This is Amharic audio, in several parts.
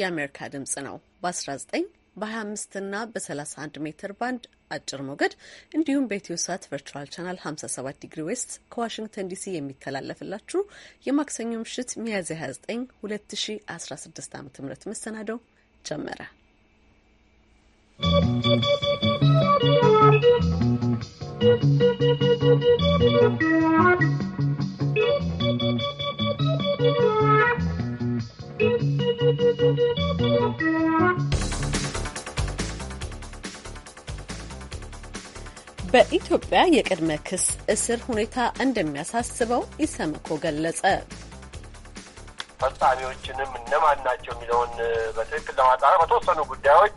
የአሜሪካ ድምጽ ነው። በ19 በ25 እና በ31 ሜትር ባንድ አጭር ሞገድ እንዲሁም በኢትዮ ሳት ቨርቹዋል ቻናል 57 ዲግሪ ዌስት ከዋሽንግተን ዲሲ የሚተላለፍላችሁ የማክሰኞ ምሽት ሚያዝያ 29 2016 ዓ ም መሰናደው ጀመረ። ¶¶ በኢትዮጵያ የቅድመ ክስ እስር ሁኔታ እንደሚያሳስበው ኢሰመኮ ገለጸ። ፈጻሚዎችንም እነማን ናቸው የሚለውን በትክክል ለማጣራ በተወሰኑ ጉዳዮች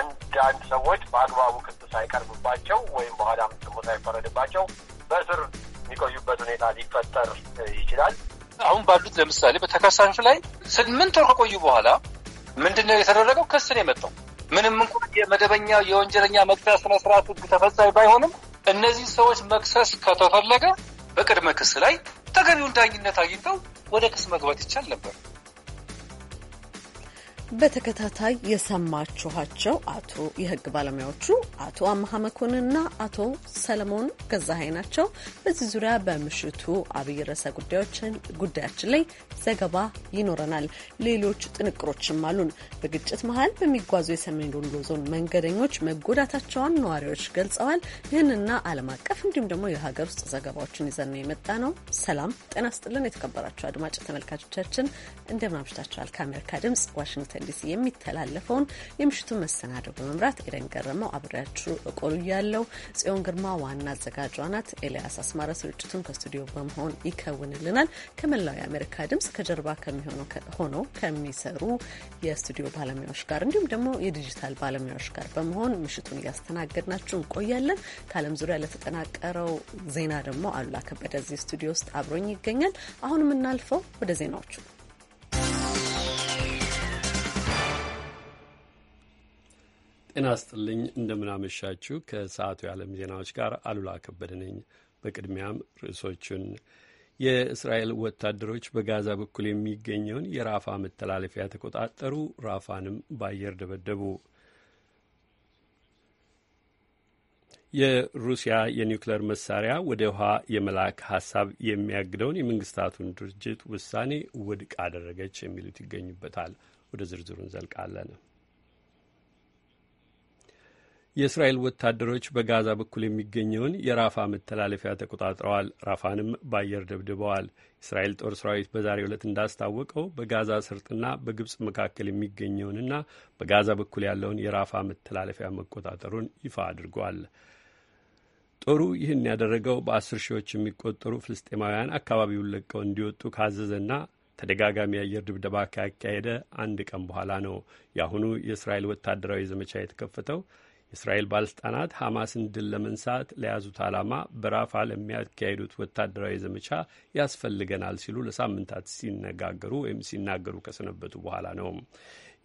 አንዳንድ ሰዎች በአግባቡ ክስ ሳይቀርብባቸው ወይም በኋላ ምስሞ ሳይፈረድባቸው በእስር የሚቆዩበት ሁኔታ ሊፈጠር ይችላል። አሁን ባሉት ለምሳሌ በተከሳሾች ላይ ስምንት ወር ከቆዩ በኋላ ምንድን ነው የተደረገው? ክስ ነው የመጣው ምንም እንኳን የመደበኛ የወንጀለኛ መቅጫ ስነስርዓት ህግ ተፈጻሚ ባይሆንም እነዚህ ሰዎች መክሰስ ከተፈለገ በቅድመ ክስ ላይ ተገቢውን ዳኝነት አግኝተው ወደ ክስ መግባት ይቻል ነበር። በተከታታይ የሰማችኋቸው አቶ የህግ ባለሙያዎቹ አቶ አመሀ መኮንንና አቶ ሰለሞን ገዛሀኝ ናቸው። በዚህ ዙሪያ በምሽቱ አብይ ርዕሰ ጉዳያችን ላይ ዘገባ ይኖረናል። ሌሎች ጥንቅሮችም አሉን። በግጭት መሀል በሚጓዙ የሰሜን ወሎ ዞን መንገደኞች መጎዳታቸውን ነዋሪዎች ገልጸዋል። ይህንና ዓለም አቀፍ እንዲሁም ደግሞ የሀገር ውስጥ ዘገባዎችን ይዘን ነው የመጣ ነው። ሰላም ጤና ስጥልን። የተከበራቸው አድማጭ ተመልካቾቻችን እንደምን አምሽታችኋል? ከአሜሪካ ድምጽ ዋሽንግተን ዋሽንግተን ዲሲ የሚተላለፈውን የምሽቱን መሰናደው በመምራት ኤደን ገረመው አብሬያችሁ ያለው ጽዮን ግርማ ዋና አዘጋጇ ናት። ኤልያስ አስማረ ስርጭቱን ከስቱዲዮ በመሆን ይከውንልናል። ከመላው የአሜሪካ ድምጽ ከጀርባ ሆነው ከሚሰሩ የስቱዲዮ ባለሙያዎች ጋር እንዲሁም ደግሞ የዲጂታል ባለሙያዎች ጋር በመሆን ምሽቱን እያስተናገድናችሁ እንቆያለን። ከዓለም ዙሪያ ለተጠናቀረው ዜና ደግሞ አሉላ ከበደ እዚህ ስቱዲዮ ውስጥ አብሮኝ ይገኛል። አሁን የምናልፈው ወደ ዜናዎቹ ጤና ስጥልኝ እንደምናመሻችሁ። ከሰዓቱ የዓለም ዜናዎች ጋር አሉላ ከበደ ነኝ። በቅድሚያም ርዕሶቹን የእስራኤል ወታደሮች በጋዛ በኩል የሚገኘውን የራፋ መተላለፊያ ተቆጣጠሩ፣ ራፋንም በአየር ደበደቡ። የሩሲያ የኒውክሌር መሳሪያ ወደ ውሃ የመላክ ሀሳብ የሚያግደውን የመንግስታቱን ድርጅት ውሳኔ ውድቅ አደረገች የሚሉት ይገኙበታል። ወደ ዝርዝሩ እንዘልቃለን። የእስራኤል ወታደሮች በጋዛ በኩል የሚገኘውን የራፋ መተላለፊያ ተቆጣጥረዋል። ራፋንም በአየር ደብድበዋል። የእስራኤል ጦር ሰራዊት በዛሬው ዕለት እንዳስታወቀው በጋዛ ስርጥና በግብፅ መካከል የሚገኘውንና በጋዛ በኩል ያለውን የራፋ መተላለፊያ መቆጣጠሩን ይፋ አድርጓል። ጦሩ ይህን ያደረገው በአስር ሺዎች የሚቆጠሩ ፍልስጤማውያን አካባቢውን ለቀው እንዲወጡ ካዘዘና ተደጋጋሚ የአየር ድብደባ ካካሄደ አንድ ቀን በኋላ ነው። የአሁኑ የእስራኤል ወታደራዊ ዘመቻ የተከፈተው የእስራኤል ባለስልጣናት ሐማስን ድል ለመንሳት ለያዙት ዓላማ በራፋ ለሚያካሄዱት ወታደራዊ ዘመቻ ያስፈልገናል ሲሉ ለሳምንታት ሲነጋገሩ ወይም ሲናገሩ ከሰነበቱ በኋላ ነው።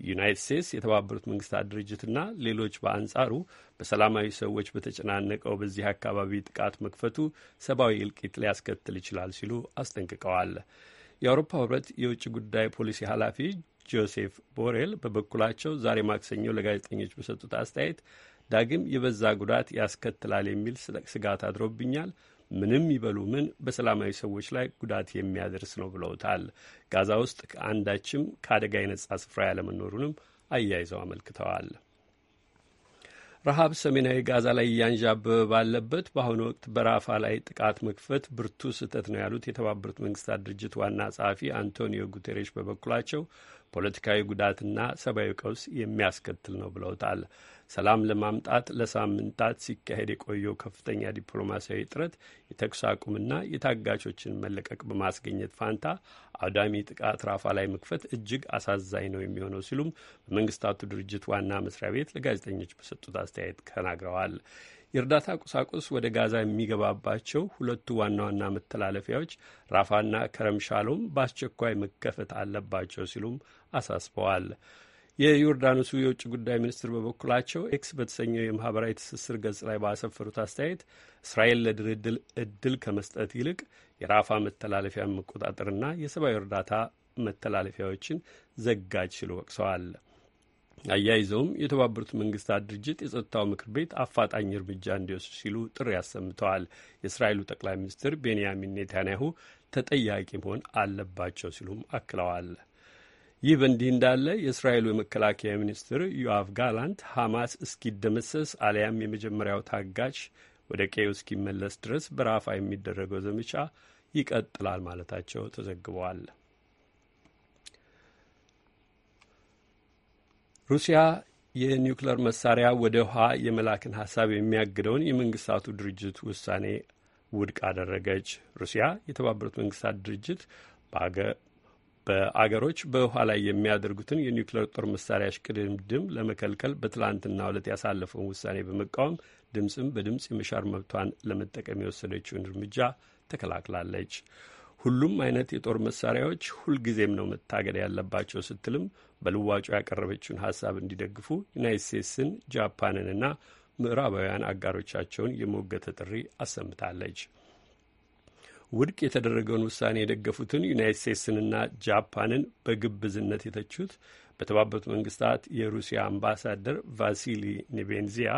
ዩናይትድ ስቴትስ፣ የተባበሩት መንግስታት ድርጅትና ሌሎች በአንጻሩ በሰላማዊ ሰዎች በተጨናነቀው በዚህ አካባቢ ጥቃት መክፈቱ ሰብአዊ እልቂት ሊያስከትል ይችላል ሲሉ አስጠንቅቀዋል። የአውሮፓ ህብረት የውጭ ጉዳይ ፖሊሲ ኃላፊ ጆሴፍ ቦሬል በበኩላቸው ዛሬ ማክሰኞ ለጋዜጠኞች በሰጡት አስተያየት ዳግም የበዛ ጉዳት ያስከትላል የሚል ስጋት አድሮብኛል። ምንም ይበሉ ምን በሰላማዊ ሰዎች ላይ ጉዳት የሚያደርስ ነው ብለውታል። ጋዛ ውስጥ አንዳችም ከአደጋ የነጻ ስፍራ ያለመኖሩንም አያይዘው አመልክተዋል። ረሃብ ሰሜናዊ ጋዛ ላይ እያንዣበበ ባለበት በአሁኑ ወቅት በራፋ ላይ ጥቃት መክፈት ብርቱ ስህተት ነው ያሉት የተባበሩት መንግስታት ድርጅት ዋና ጸሐፊ አንቶኒዮ ጉቴሬሽ በበኩላቸው ፖለቲካዊ ጉዳትና ሰብአዊ ቀውስ የሚያስከትል ነው ብለውታል። ሰላም ለማምጣት ለሳምንታት ሲካሄድ የቆየው ከፍተኛ ዲፕሎማሲያዊ ጥረት የተኩስ አቁምና የታጋቾችን መለቀቅ በማስገኘት ፋንታ አውዳሚ ጥቃት ራፋ ላይ መክፈት እጅግ አሳዛኝ ነው የሚሆነው ሲሉም በመንግስታቱ ድርጅት ዋና መስሪያ ቤት ለጋዜጠኞች በሰጡት አስተያየት ተናግረዋል። የእርዳታ ቁሳቁስ ወደ ጋዛ የሚገባባቸው ሁለቱ ዋና ዋና መተላለፊያዎች ራፋና ከረም በአስቸኳይ መከፈት አለባቸው ሲሉም አሳስበዋል። የዮርዳኖሱ የውጭ ጉዳይ ሚኒስትር በበኩላቸው ኤክስ በተሰኘው የማህበራዊ ትስስር ገጽ ላይ ባሰፈሩት አስተያየት እስራኤል ለድርድር እድል ከመስጠት ይልቅ የራፋ መተላለፊያ መቆጣጠርና የሰብአዊ እርዳታ መተላለፊያዎችን ዘጋጅ ሲሉ ወቅሰዋል። አያይዘውም የተባበሩት መንግስታት ድርጅት የጸጥታው ምክር ቤት አፋጣኝ እርምጃ እንዲወስድ ሲሉ ጥሪ አሰምተዋል። የእስራኤሉ ጠቅላይ ሚኒስትር ቤንያሚን ኔታንያሁ ተጠያቂ መሆን አለባቸው ሲሉም አክለዋል። ይህ በእንዲህ እንዳለ የእስራኤሉ የመከላከያ ሚኒስትር ዮአፍ ጋላንት ሐማስ እስኪደመሰስ አሊያም የመጀመሪያው ታጋች ወደ ቀዩ እስኪመለስ ድረስ በራፋ የሚደረገው ዘመቻ ይቀጥላል ማለታቸው ተዘግበዋል። ሩሲያ የኒውክለር መሳሪያ ወደ ውሃ የመላክን ሀሳብ የሚያግደውን የመንግስታቱ ድርጅት ውሳኔ ውድቅ አደረገች። ሩሲያ የተባበሩት መንግስታት ድርጅት በአገሮች በውሃ ላይ የሚያደርጉትን የኒውክሌር ጦር መሳሪያ ሽቅድምድም ለመከልከል በትላንትና ዕለት ያሳለፈውን ውሳኔ በመቃወም ድምፅም በድምፅ የመሻር መብቷን ለመጠቀም የወሰደችውን እርምጃ ተከላክላለች። ሁሉም አይነት የጦር መሳሪያዎች ሁልጊዜም ነው መታገድ ያለባቸው ስትልም በልዋጩ ያቀረበችውን ሀሳብ እንዲደግፉ ዩናይት ስቴትስን ጃፓንንና ምዕራባውያን አጋሮቻቸውን የሞገተ ጥሪ አሰምታለች። ውድቅ የተደረገውን ውሳኔ የደገፉትን ዩናይት ስቴትስንና ጃፓንን በግብዝነት የተቹት በተባበሩት መንግስታት የሩሲያ አምባሳደር ቫሲሊ ኔቤንዚያ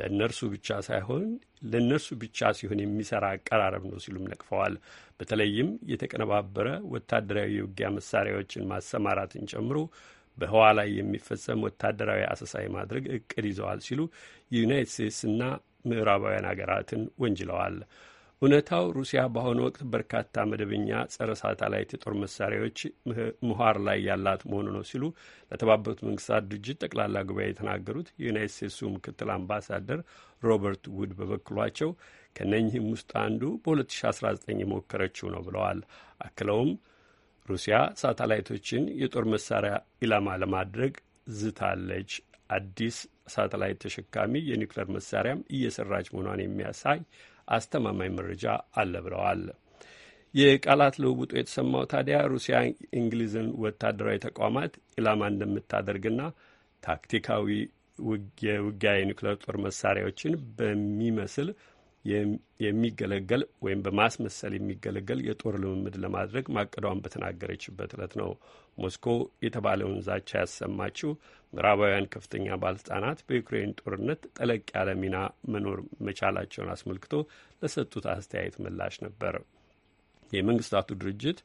ለእነርሱ ብቻ ሳይሆን ለእነርሱ ብቻ ሲሆን የሚሰራ አቀራረብ ነው ሲሉም ነቅፈዋል። በተለይም የተቀነባበረ ወታደራዊ የውጊያ መሳሪያዎችን ማሰማራትን ጨምሮ በህዋ ላይ የሚፈጸም ወታደራዊ አሰሳ ማድረግ እቅድ ይዘዋል ሲሉ የዩናይት ስቴትስና ምዕራባውያን ሀገራትን ወንጅለዋል። እውነታው ሩሲያ በአሁኑ ወቅት በርካታ መደበኛ ጸረ ሳተላይት የጦር መሳሪያዎች ምኋር ላይ ያላት መሆኑ ነው ሲሉ ለተባበሩት መንግስታት ድርጅት ጠቅላላ ጉባኤ የተናገሩት የዩናይት ስቴትሱ ምክትል አምባሳደር ሮበርት ውድ በበኩሏቸው ከነኚህም ውስጥ አንዱ በ2019 የሞከረችው ነው ብለዋል። አክለውም ሩሲያ ሳተላይቶችን የጦር መሳሪያ ኢላማ ለማድረግ ዝታለች፣ አዲስ ሳተላይት ተሸካሚ የኒውክሌር መሳሪያም እየሰራች መሆኗን የሚያሳይ አስተማማኝ መረጃ አለ ብለዋል። የቃላት ልውውጡ የተሰማው ታዲያ ሩሲያ እንግሊዝን ወታደራዊ ተቋማት ኢላማ እንደምታደርግና ታክቲካዊ የውጊያ የኒውክሌር ጦር መሳሪያዎችን በሚመስል የሚገለገል ወይም በማስመሰል የሚገለገል የጦር ልምምድ ለማድረግ ማቀዷን በተናገረችበት ዕለት ነው ሞስኮ የተባለውን ዛቻ ያሰማችው። ምዕራባውያን ከፍተኛ ባለስልጣናት በዩክሬን ጦርነት ጠለቅ ያለ ሚና መኖር መቻላቸውን አስመልክቶ ለሰጡት አስተያየት ምላሽ ነበር የመንግስታቱ ድርጅት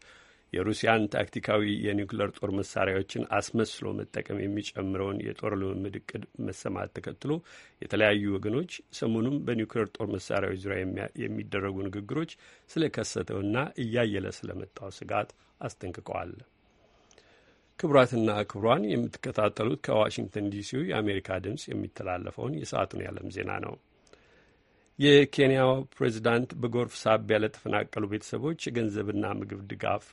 የሩሲያን ታክቲካዊ የኒውክለር ጦር መሳሪያዎችን አስመስሎ መጠቀም የሚጨምረውን የጦር ልምምድ እቅድ መሰማት ተከትሎ የተለያዩ ወገኖች ሰሞኑም በኒውክለር ጦር መሳሪያዎች ዙሪያ የሚደረጉ ንግግሮች ስለከሰተውና እያየለ ስለመጣው ስጋት አስጠንቅቀዋል። ክቡራትና ክቡራን የምትከታተሉት ከዋሽንግተን ዲሲው የአሜሪካ ድምፅ የሚተላለፈውን የሰዓቱን የዓለም ዜና ነው። የኬንያው ፕሬዚዳንት በጎርፍ ሳቢያ ለተፈናቀሉ ቤተሰቦች የገንዘብና ምግብ ድጋፍ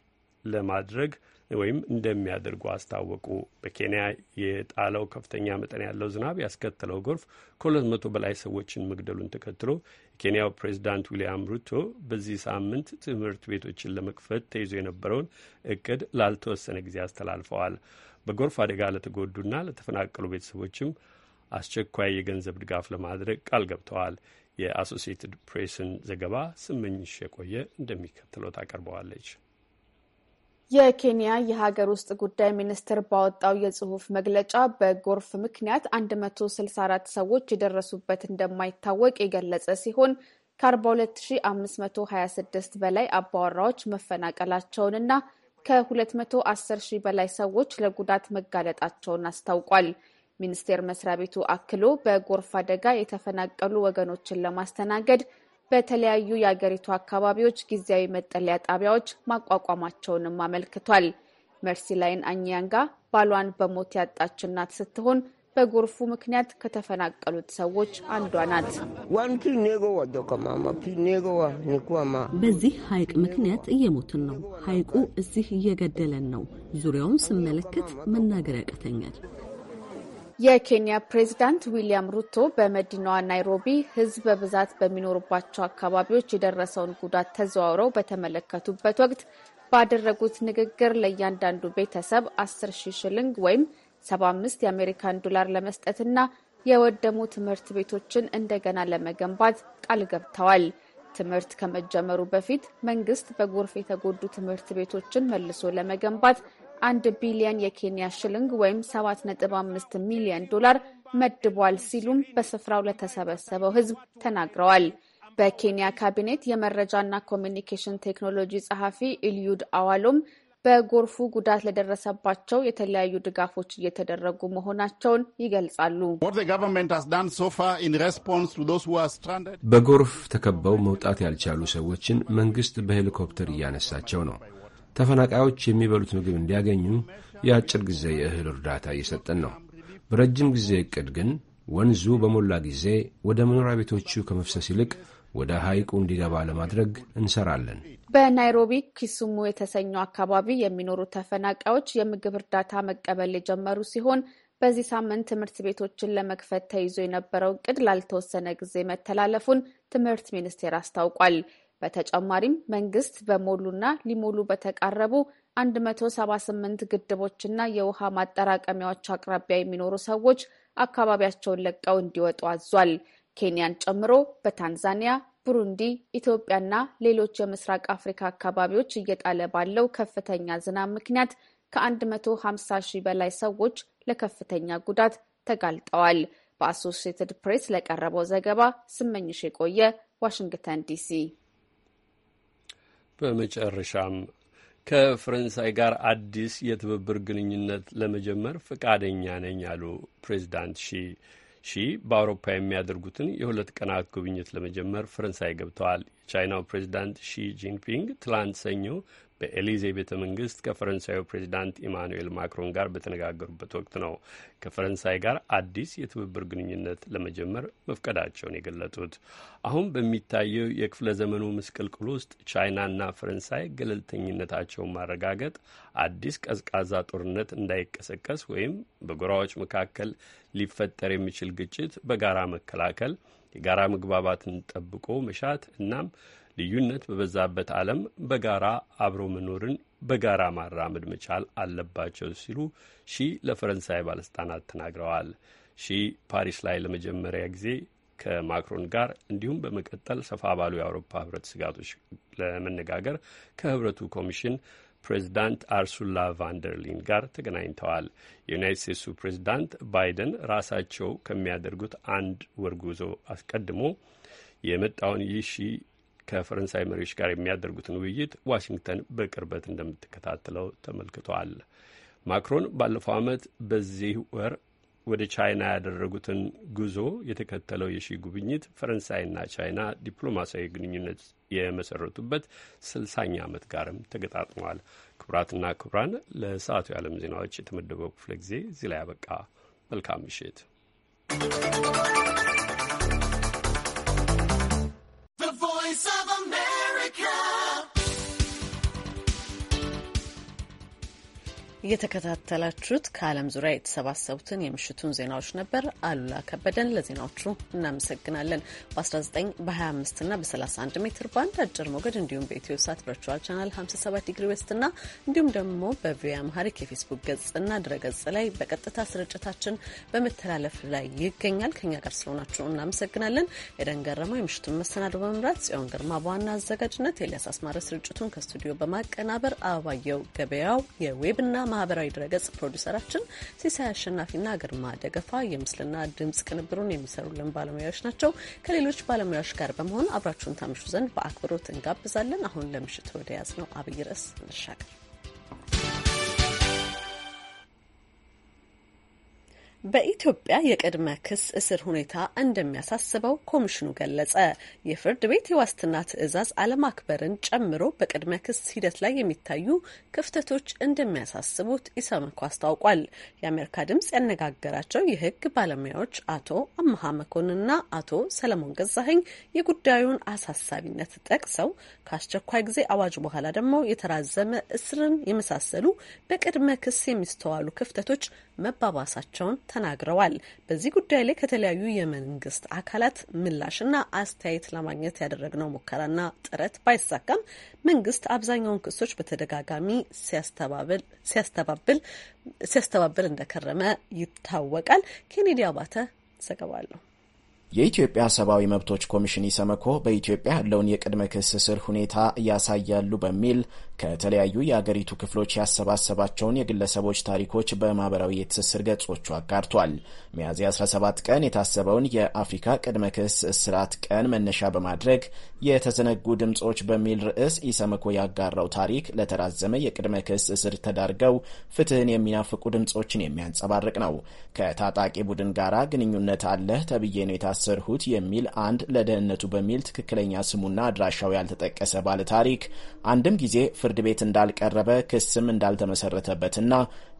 ለማድረግ ወይም እንደሚያደርጉ አስታወቁ። በኬንያ የጣለው ከፍተኛ መጠን ያለው ዝናብ ያስከተለው ጎርፍ ከሁለት መቶ በላይ ሰዎችን መግደሉን ተከትሎ የኬንያው ፕሬዚዳንት ዊልያም ሩቶ በዚህ ሳምንት ትምህርት ቤቶችን ለመክፈት ተይዞ የነበረውን እቅድ ላልተወሰነ ጊዜ አስተላልፈዋል። በጎርፍ አደጋ ለተጎዱና ለተፈናቀሉ ቤተሰቦችም አስቸኳይ የገንዘብ ድጋፍ ለማድረግ ቃል ገብተዋል። የአሶሲኤትድ ፕሬስን ዘገባ ስመኝሽ የቆየ እንደሚከተለው ታቀርበዋለች። የኬንያ የሀገር ውስጥ ጉዳይ ሚኒስቴር ባወጣው የጽሑፍ መግለጫ በጎርፍ ምክንያት 164 ሰዎች የደረሱበት እንደማይታወቅ የገለጸ ሲሆን ከ42526 በላይ አባወራዎች መፈናቀላቸውንና ከ210 ሺህ በላይ ሰዎች ለጉዳት መጋለጣቸውን አስታውቋል። ሚኒስቴር መስሪያ ቤቱ አክሎ በጎርፍ አደጋ የተፈናቀሉ ወገኖችን ለማስተናገድ በተለያዩ የአገሪቱ አካባቢዎች ጊዜያዊ መጠለያ ጣቢያዎች ማቋቋማቸውንም አመልክቷል። መርሲላይን አኛንጋ ባሏን በሞት ያጣች እናት ስትሆን በጎርፉ ምክንያት ከተፈናቀሉት ሰዎች አንዷ ናት። በዚህ ሐይቅ ምክንያት እየሞትን ነው። ሐይቁ እዚህ እየገደለን ነው። ዙሪያውን ስመለከት መናገር ያቅተኛል። የኬንያ ፕሬዚዳንት ዊሊያም ሩቶ በመዲናዋ ናይሮቢ ሕዝብ በብዛት በሚኖሩባቸው አካባቢዎች የደረሰውን ጉዳት ተዘዋውረው በተመለከቱበት ወቅት ባደረጉት ንግግር ለእያንዳንዱ ቤተሰብ 10 ሺ ሽልንግ ወይም 75 የአሜሪካን ዶላር ለመስጠትና የወደሙ ትምህርት ቤቶችን እንደገና ለመገንባት ቃል ገብተዋል። ትምህርት ከመጀመሩ በፊት መንግስት በጎርፍ የተጎዱ ትምህርት ቤቶችን መልሶ ለመገንባት አንድ ቢሊየን የኬንያ ሽልንግ ወይም 7.5 ሚሊዮን ዶላር መድቧል ሲሉም በስፍራው ለተሰበሰበው ሕዝብ ተናግረዋል። በኬንያ ካቢኔት የመረጃና ኮሚኒኬሽን ቴክኖሎጂ ጸሐፊ ኢልዩድ አዋሎም በጎርፉ ጉዳት ለደረሰባቸው የተለያዩ ድጋፎች እየተደረጉ መሆናቸውን ይገልጻሉ። በጎርፍ ተከበው መውጣት ያልቻሉ ሰዎችን መንግስት በሄሊኮፕተር እያነሳቸው ነው። ተፈናቃዮች የሚበሉት ምግብ እንዲያገኙ የአጭር ጊዜ የእህል እርዳታ እየሰጠን ነው። በረጅም ጊዜ እቅድ ግን ወንዙ በሞላ ጊዜ ወደ መኖሪያ ቤቶቹ ከመፍሰስ ይልቅ ወደ ሐይቁ እንዲገባ ለማድረግ እንሰራለን። በናይሮቢ ኪሱሙ የተሰኘው አካባቢ የሚኖሩ ተፈናቃዮች የምግብ እርዳታ መቀበል የጀመሩ ሲሆን በዚህ ሳምንት ትምህርት ቤቶችን ለመክፈት ተይዞ የነበረው እቅድ ላልተወሰነ ጊዜ መተላለፉን ትምህርት ሚኒስቴር አስታውቋል። በተጨማሪም መንግስት በሞሉና ሊሞሉ በተቃረቡ 178 ግድቦችና የውሃ ማጠራቀሚያዎች አቅራቢያ የሚኖሩ ሰዎች አካባቢያቸውን ለቀው እንዲወጡ አዟል። ኬንያን ጨምሮ በታንዛኒያ፣ ቡሩንዲ፣ ኢትዮጵያና ሌሎች የምስራቅ አፍሪካ አካባቢዎች እየጣለ ባለው ከፍተኛ ዝናብ ምክንያት ከ150 ሺህ በላይ ሰዎች ለከፍተኛ ጉዳት ተጋልጠዋል። በአሶሺየትድ ፕሬስ ለቀረበው ዘገባ ስመኝሽ የቆየ ዋሽንግተን ዲሲ በመጨረሻም ከፈረንሳይ ጋር አዲስ የትብብር ግንኙነት ለመጀመር ፈቃደኛ ነኝ አሉ ፕሬዚዳንት ሺ። ሺ በአውሮፓ የሚያደርጉትን የሁለት ቀናት ጉብኝት ለመጀመር ፈረንሳይ ገብተዋል። የቻይናው ፕሬዚዳንት ሺ ጂንፒንግ ትላንት ሰኞ በኤሊዜ ቤተ መንግስት ከፈረንሳዩ ፕሬዚዳንት ኢማኑኤል ማክሮን ጋር በተነጋገሩበት ወቅት ነው ከፈረንሳይ ጋር አዲስ የትብብር ግንኙነት ለመጀመር መፍቀዳቸውን የገለጡት። አሁን በሚታየው የክፍለ ዘመኑ ምስቅልቅል ውስጥ ቻይናና ፈረንሳይ ገለልተኝነታቸውን ማረጋገጥ አዲስ ቀዝቃዛ ጦርነት እንዳይቀሰቀስ ወይም በጎራዎች መካከል ሊፈጠር የሚችል ግጭት በጋራ መከላከል፣ የጋራ መግባባትን ጠብቆ መሻት እናም ልዩነት በበዛበት ዓለም በጋራ አብሮ መኖርን በጋራ ማራመድ መቻል አለባቸው ሲሉ ሺ ለፈረንሳይ ባለስልጣናት ተናግረዋል። ሺ ፓሪስ ላይ ለመጀመሪያ ጊዜ ከማክሮን ጋር እንዲሁም በመቀጠል ሰፋ ባሉ የአውሮፓ ህብረት ስጋቶች ለመነጋገር ከህብረቱ ኮሚሽን ፕሬዚዳንት አርሱላ ቫንደርሊን ጋር ተገናኝተዋል። የዩናይት ስቴትሱ ፕሬዚዳንት ባይደን ራሳቸው ከሚያደርጉት አንድ ወር ጉዞ አስቀድሞ የመጣውን ይህ ሺ ከፈረንሳይ መሪዎች ጋር የሚያደርጉትን ውይይት ዋሽንግተን በቅርበት እንደምትከታተለው ተመልክቷል። ማክሮን ባለፈው ዓመት በዚህ ወር ወደ ቻይና ያደረጉትን ጉዞ የተከተለው የሺ ጉብኝት ፈረንሳይና ቻይና ዲፕሎማሲያዊ ግንኙነት የመሰረቱበት ስልሳኛ ዓመት ጋርም ተገጣጥመዋል። ክቡራትና ክቡራን ለሰዓቱ የዓለም ዜናዎች የተመደበው ክፍለ ጊዜ እዚህ ላይ ያበቃ። መልካም ምሽት። እየተከታተላችሁት ከዓለም ዙሪያ የተሰባሰቡትን የምሽቱን ዜናዎች ነበር። አሉላ ከበደን ለዜናዎቹ እናመሰግናለን። በ19 በ25 እና በ31 ሜትር ባንድ አጭር ሞገድ እንዲሁም በኢትዮ ሳት ቨርቹዋል ቻናል 57 ዲግሪ ዌስት እና እንዲሁም ደግሞ በቪኦኤ አምሃሪክ የፌስቡክ ገጽ እና ድረ ገጽ ላይ በቀጥታ ስርጭታችን በመተላለፍ ላይ ይገኛል። ከኛ ጋር ስለሆናችሁ እናመሰግናለን። ኤደን ገረመው የምሽቱን መሰናዶ በመምራት ጽዮን ግርማ በዋና አዘጋጅነት ኤልያስ አስማረ ስርጭቱን ከስቱዲዮ በማቀናበር አበባየው ገበያው የዌብና ማህበራዊ ድረገጽ ፕሮዲሰራችን ሲሳይ አሸናፊና ግርማ ደገፋ፣ የምስልና ድምጽ ቅንብሩን የሚሰሩልን ባለሙያዎች ናቸው። ከሌሎች ባለሙያዎች ጋር በመሆን አብራችሁን ታምሹ ዘንድ በአክብሮት እንጋብዛለን። አሁን ለምሽት ወደ ያዝ ነው አብይ ርዕስ እንሻገር። በኢትዮጵያ የቅድመ ክስ እስር ሁኔታ እንደሚያሳስበው ኮሚሽኑ ገለጸ። የፍርድ ቤት የዋስትና ትዕዛዝ አለማክበርን ጨምሮ በቅድመ ክስ ሂደት ላይ የሚታዩ ክፍተቶች እንደሚያሳስቡት ኢሰመኮ አስታውቋል። የአሜሪካ ድምጽ ያነጋገራቸው የህግ ባለሙያዎች አቶ አመሀ መኮንና አቶ ሰለሞን ገዛኸኝ የጉዳዩን አሳሳቢነት ጠቅሰው ከአስቸኳይ ጊዜ አዋጅ በኋላ ደግሞ የተራዘመ እስርን የመሳሰሉ በቅድመ ክስ የሚስተዋሉ ክፍተቶች መባባሳቸውን ተናግረዋል። በዚህ ጉዳይ ላይ ከተለያዩ የመንግስት አካላት ምላሽና አስተያየት ለማግኘት ያደረግነው ሙከራና ጥረት ባይሳካም መንግስት አብዛኛውን ክሶች በተደጋጋሚ ሲያስተባብል ሲያስተባብል እንደከረመ ይታወቃል። ኬኔዲ አባተ ዘገባ የኢትዮጵያ ሰብአዊ መብቶች ኮሚሽን ኢሰመኮ በኢትዮጵያ ያለውን የቅድመ ክስ ስር ሁኔታ ያሳያሉ በሚል ከተለያዩ የአገሪቱ ክፍሎች ያሰባሰባቸውን የግለሰቦች ታሪኮች በማህበራዊ የትስስር ገጾቹ አጋርቷል። ሚያዝያ 17 ቀን የታሰበውን የአፍሪካ ቅድመ ክስ እስራት ቀን መነሻ በማድረግ የተዘነጉ ድምፆች በሚል ርዕስ ኢሰመኮ ያጋራው ታሪክ ለተራዘመ የቅድመ ክስ እስር ተዳርገው ፍትህን የሚናፍቁ ድምፆችን የሚያንጸባርቅ ነው። ከታጣቂ ቡድን ጋራ ግንኙነት አለህ ተብዬ ነው የታሰርሁት የሚል አንድ ለደህንነቱ በሚል ትክክለኛ ስሙና አድራሻው ያልተጠቀሰ ባለ ታሪክ አንድም ጊዜ ፍርድ ቤት እንዳልቀረበ ክስም እንዳልተመሰረተበትና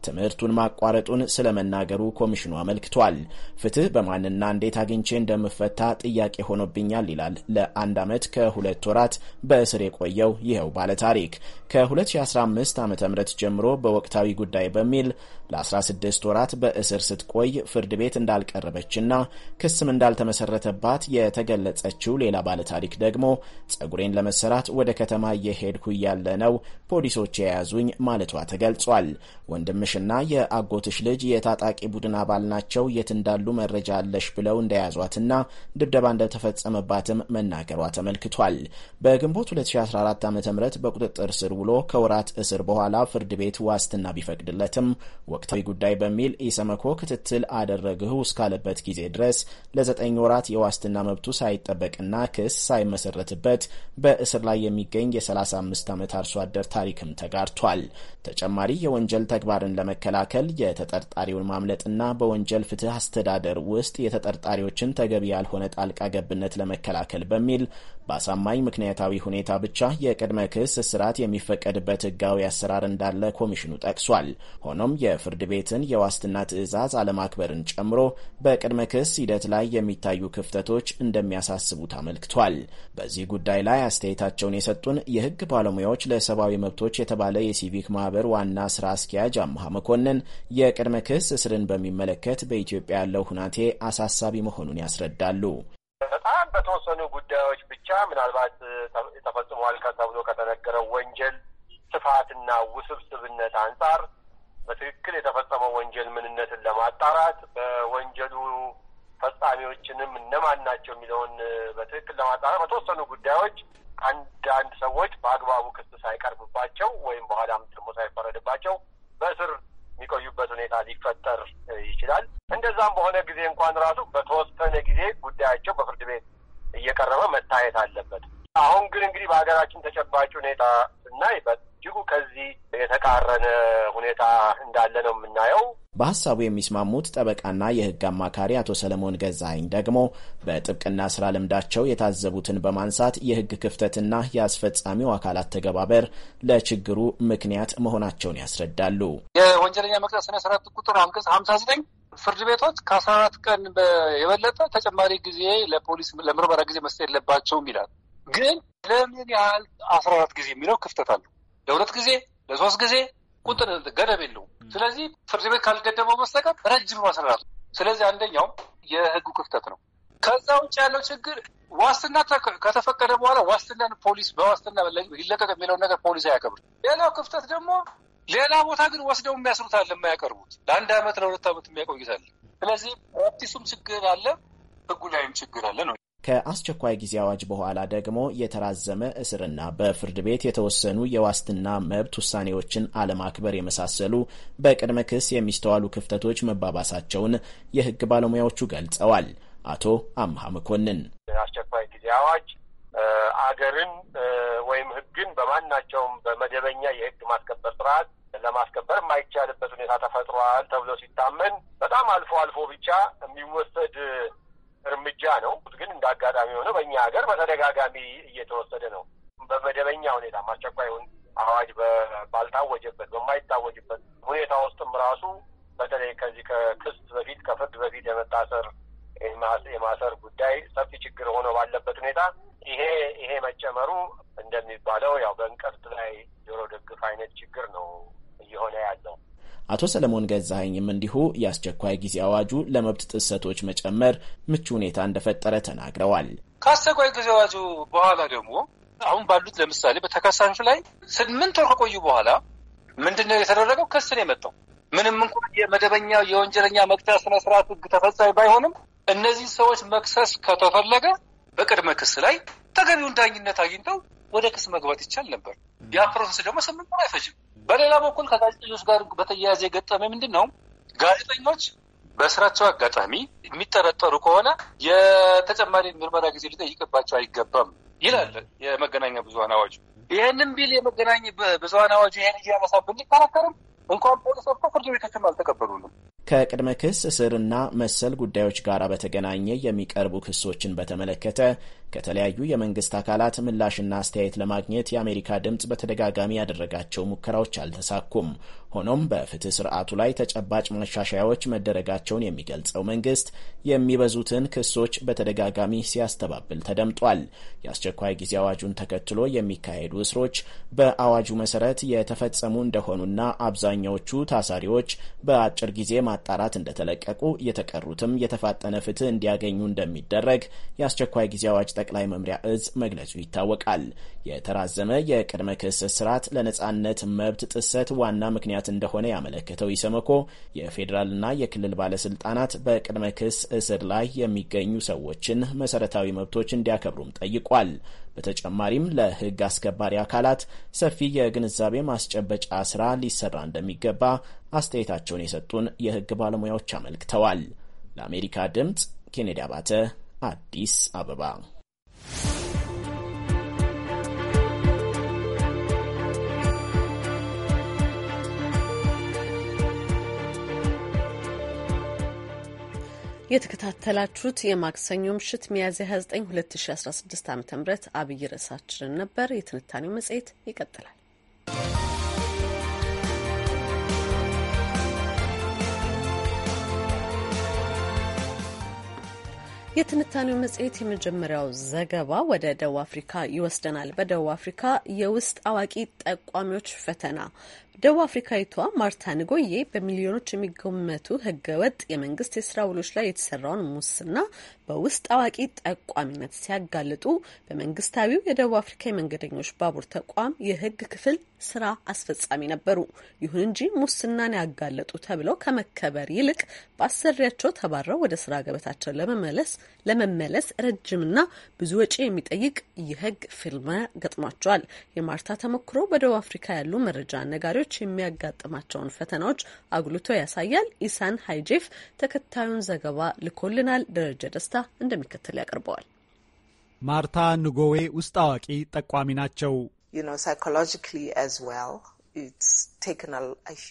ትምህርቱን ማቋረጡን ስለመናገሩ ኮሚሽኑ አመልክቷል። ፍትህ በማንና እንዴት አግኝቼ እንደምፈታ ጥያቄ ሆኖብኛል ይላል ለአንድ ዓመት ከሁለት ወራት በእስር የቆየው ይኸው ባለታሪክ ከ2015 ዓ ም ጀምሮ በወቅታዊ ጉዳይ በሚል ለ16 ወራት በእስር ስትቆይ ፍርድ ቤት እንዳልቀረበችና ክስም እንዳልተመሰረተባት የተገለጸችው ሌላ ባለታሪክ ደግሞ ጸጉሬን ለመሰራት ወደ ከተማ እየሄድኩ እያለ ነው ፖሊሶች የያዙኝ ማለቷ ተገልጿል። ወንድም ወንድምሽና የአጎትሽ ልጅ የታጣቂ ቡድን አባል ናቸው፣ የት እንዳሉ መረጃ አለሽ ብለው እንደያዟትና ድብደባ እንደተፈጸመባትም መናገሯ ተመልክቷል። በግንቦት 2014 ዓ ም በቁጥጥር ስር ውሎ ከወራት እስር በኋላ ፍርድ ቤት ዋስትና ቢፈቅድለትም ወቅታዊ ጉዳይ በሚል ኢሰመኮ ክትትል አደረግሁ እስካለበት ጊዜ ድረስ ለዘጠኝ ወራት የዋስትና መብቱ ሳይጠበቅና ክስ ሳይመሰረትበት በእስር ላይ የሚገኝ የ35 ዓመት አርሶ አደር ታሪክም ተጋርቷል። ተጨማሪ የወንጀል ተግባርን ለመከላከል የተጠርጣሪውን ማምለጥና በወንጀል ፍትህ አስተዳደር ውስጥ የተጠርጣሪዎችን ተገቢ ያልሆነ ጣልቃ ገብነት ለመከላከል በሚል በአሳማኝ ምክንያታዊ ሁኔታ ብቻ የቅድመ ክስ እስራት የሚፈቀድበት ህጋዊ አሰራር እንዳለ ኮሚሽኑ ጠቅሷል። ሆኖም የፍርድ ቤትን የዋስትና ትዕዛዝ አለማክበርን ጨምሮ በቅድመ ክስ ሂደት ላይ የሚታዩ ክፍተቶች እንደሚያሳስቡት አመልክቷል። በዚህ ጉዳይ ላይ አስተያየታቸውን የሰጡን የህግ ባለሙያዎች ለሰብአዊ መብቶች የተባለ የሲቪክ ማህበር ዋና ስራ አስኪያጅ አምሃ መኮንን የቅድመ ክስ እስርን በሚመለከት በኢትዮጵያ ያለው ሁናቴ አሳሳቢ መሆኑን ያስረዳሉ። በጣም በተወሰኑ ጉዳዮች ብቻ ምናልባት ተፈጽሟል ተብሎ ከተነገረው ወንጀል ስፋትና ውስብስብነት አንጻር በትክክል የተፈጸመው ወንጀል ምንነትን ለማጣራት በወንጀሉ ፈጻሚዎችንም እነማን ናቸው የሚለውን በትክክል ለማጣራት በተወሰኑ ጉዳዮች አንዳንድ ሰዎች በአግባቡ ክስ ሳይቀርብባቸው ወይም በኋላም ደግሞ ሳይፈረድባቸው በስር የሚቆዩበት ሁኔታ ሊፈጠር ይችላል። እንደዛም በሆነ ጊዜ እንኳን ራሱ በተወሰነ ጊዜ ጉዳያቸው በፍርድ ቤት እየቀረበ መታየት አለበት። አሁን ግን እንግዲህ በሀገራችን ተጨባጭ ሁኔታ ስናይ እጅጉ ከዚህ የተቃረነ ሁኔታ እንዳለ ነው የምናየው። በሀሳቡ የሚስማሙት ጠበቃና የህግ አማካሪ አቶ ሰለሞን ገዛኸኝ ደግሞ በጥብቅና ስራ ልምዳቸው የታዘቡትን በማንሳት የህግ ክፍተትና የአስፈጻሚው አካላት ተገባበር ለችግሩ ምክንያት መሆናቸውን ያስረዳሉ። የወንጀለኛ መቅጫ ስነ ስርዓት ቁጥር አንቀጽ ሀምሳ ዘጠኝ ፍርድ ቤቶች ከአስራ አራት ቀን የበለጠ ተጨማሪ ጊዜ ለፖሊስ ለምርመራ ጊዜ መስጠት የለባቸውም ይላል። ግን ለምን ያህል አስራ አራት ጊዜ የሚለው ክፍተት አለው። ለሁለት ጊዜ ለሶስት ጊዜ ቁጥር ገደብ የለው ስለዚህ ፍርድ ቤት ካልገደበው መስጠቀም ረጅም ማስራራቱ። ስለዚህ አንደኛው የህጉ ክፍተት ነው። ከዛ ውጭ ያለው ችግር ዋስትና ከተፈቀደ በኋላ ዋስትናን ፖሊስ በዋስትና ሊለቀቅ የሚለውን ነገር ፖሊስ አያቀብር ሌላው ክፍተት ደግሞ ሌላ ቦታ ግን ወስደው የሚያስሩት አለ የማያቀርቡት ለአንድ አመት ለሁለት አመት የሚያቆዩት ስለዚህ ፕራክቲሱም ችግር አለ፣ ህጉ ላይም ችግር አለ ነው። ከአስቸኳይ ጊዜ አዋጅ በኋላ ደግሞ የተራዘመ እስርና በፍርድ ቤት የተወሰኑ የዋስትና መብት ውሳኔዎችን አለማክበር የመሳሰሉ በቅድመ ክስ የሚስተዋሉ ክፍተቶች መባባሳቸውን የሕግ ባለሙያዎቹ ገልጸዋል። አቶ አምሃ መኮንን አስቸኳይ ጊዜ አዋጅ አገርን ወይም ሕግን በማናቸውም በመደበኛ የሕግ ማስከበር ስርዓት ለማስከበር የማይቻልበት ሁኔታ ተፈጥሯል ተብሎ ሲታመን በጣም አልፎ አልፎ ብቻ የሚወሰድ እርምጃ ነው። ግን እንደ አጋጣሚ የሆነ በእኛ ሀገር በተደጋጋሚ እየተወሰደ ነው። በመደበኛ ሁኔታ አስቸኳይን አዋጅ ባልታወጀበት በማይታወጅበት ሁኔታ ውስጥም ራሱ በተለይ ከዚህ ከክስት በፊት ከፍርድ በፊት የመታሰር የማሰር ጉዳይ ሰፊ ችግር ሆኖ ባለበት ሁኔታ ይሄ ይሄ መጨመሩ እንደሚባለው ያው በእንቅርት ላይ ጆሮ ደግፍ አይነት ችግር ነው እየሆነ ያለው። አቶ ሰለሞን ገዛኸኝም እንዲሁ የአስቸኳይ ጊዜ አዋጁ ለመብት ጥሰቶች መጨመር ምቹ ሁኔታ እንደፈጠረ ተናግረዋል። ከአስቸኳይ ጊዜ አዋጁ በኋላ ደግሞ አሁን ባሉት ለምሳሌ በተከሳሾች ላይ ስምንት ወር ከቆዩ በኋላ ምንድን ነው የተደረገው? ክስ ነው የመጣው። ምንም እንኳን የመደበኛ የወንጀለኛ መቅጫ ስነስርዓት ህግ ተፈጻሚ ባይሆንም እነዚህ ሰዎች መክሰስ ከተፈለገ በቅድመ ክስ ላይ ተገቢውን ዳኝነት አግኝተው ወደ ክስ መግባት ይቻል ነበር። ያ ፕሮሰስ ደግሞ ስምንት ወር አይፈጅም። በሌላ በኩል ከጋዜጠኞች ጋር በተያያዘ የገጠመ ምንድን ነው? ጋዜጠኞች በስራቸው አጋጣሚ የሚጠረጠሩ ከሆነ የተጨማሪ ምርመራ ጊዜ ሊጠይቅባቸው አይገባም ይላል የመገናኛ ብዙሀን አዋጁ። ይህንም ቢል የመገናኛ ብዙሀን አዋጁ ይህን እያነሳብን ብንከራከርም እንኳን ፖሊስ ወጥቶ ፍርድ ቤቶችም አልተቀበሉንም። ከቅድመ ክስ እስርና መሰል ጉዳዮች ጋር በተገናኘ የሚቀርቡ ክሶችን በተመለከተ ከተለያዩ የመንግስት አካላት ምላሽና አስተያየት ለማግኘት የአሜሪካ ድምፅ በተደጋጋሚ ያደረጋቸው ሙከራዎች አልተሳኩም። ሆኖም በፍትህ ስርዓቱ ላይ ተጨባጭ ማሻሻያዎች መደረጋቸውን የሚገልጸው መንግስት የሚበዙትን ክሶች በተደጋጋሚ ሲያስተባብል ተደምጧል። የአስቸኳይ ጊዜ አዋጁን ተከትሎ የሚካሄዱ እስሮች በአዋጁ መሰረት የተፈጸሙ እንደሆኑና አብዛኛዎቹ ታሳሪዎች በአጭር ጊዜ ማጣራት እንደተለቀቁ የተቀሩትም የተፋጠነ ፍትህ እንዲያገኙ እንደሚደረግ የአስቸኳይ ጊዜ አዋጅ ጠቅላይ መምሪያ እዝ መግለጹ ይታወቃል። የተራዘመ የቅድመ ክስ ስርዓት ለነጻነት መብት ጥሰት ዋና ምክንያት እንደሆነ ያመለከተው ኢሰመኮ የፌዴራልና የክልል ባለስልጣናት በቅድመ ክስ እስር ላይ የሚገኙ ሰዎችን መሰረታዊ መብቶች እንዲያከብሩም ጠይቋል። በተጨማሪም ለሕግ አስከባሪ አካላት ሰፊ የግንዛቤ ማስጨበጫ ስራ ሊሰራ እንደሚገባ አስተያየታቸውን የሰጡን የሕግ ባለሙያዎች አመልክተዋል። ለአሜሪካ ድምፅ ኬኔዲ አባተ አዲስ አበባ የተከታተላችሁት የማክሰኞ ምሽት ሚያዝያ 29 2016 ዓ ም አብይ ርዕሳችንን ነበር። የትንታኔው መጽሔት ይቀጥላል። የትንታኔው መጽሔት የመጀመሪያው ዘገባ ወደ ደቡብ አፍሪካ ይወስደናል። በደቡብ አፍሪካ የውስጥ አዋቂ ጠቋሚዎች ፈተና ደቡብ አፍሪካዊቷ ማርታ ንጎዬ በሚሊዮኖች የሚገመቱ ህገወጥ የመንግስት የስራ ውሎች ላይ የተሰራውን ሙስና በውስጥ አዋቂ ጠቋሚነት ሲያጋልጡ በመንግስታዊው የደቡብ አፍሪካ የመንገደኞች ባቡር ተቋም የህግ ክፍል ስራ አስፈጻሚ ነበሩ። ይሁን እንጂ ሙስናን ያጋለጡ ተብለው ከመከበር ይልቅ በአሰሪያቸው ተባረው ወደ ስራ ገበታቸው ለመመለስ ለመመለስ ረጅምና ብዙ ወጪ የሚጠይቅ የህግ ፊርማ ገጥሟቸዋል። የማርታ ተሞክሮ በደቡብ አፍሪካ ያሉ መረጃ ነጋሪዎች ተማሪዎች የሚያጋጥማቸውን ፈተናዎች አጉልቶ ያሳያል። ኢሳን ሃይጄፍ ተከታዩን ዘገባ ልኮልናል። ደረጀ ደስታ እንደሚከተል ያቀርበዋል። ማርታ ንጎዌ ውስጥ አዋቂ ጠቋሚ ናቸው።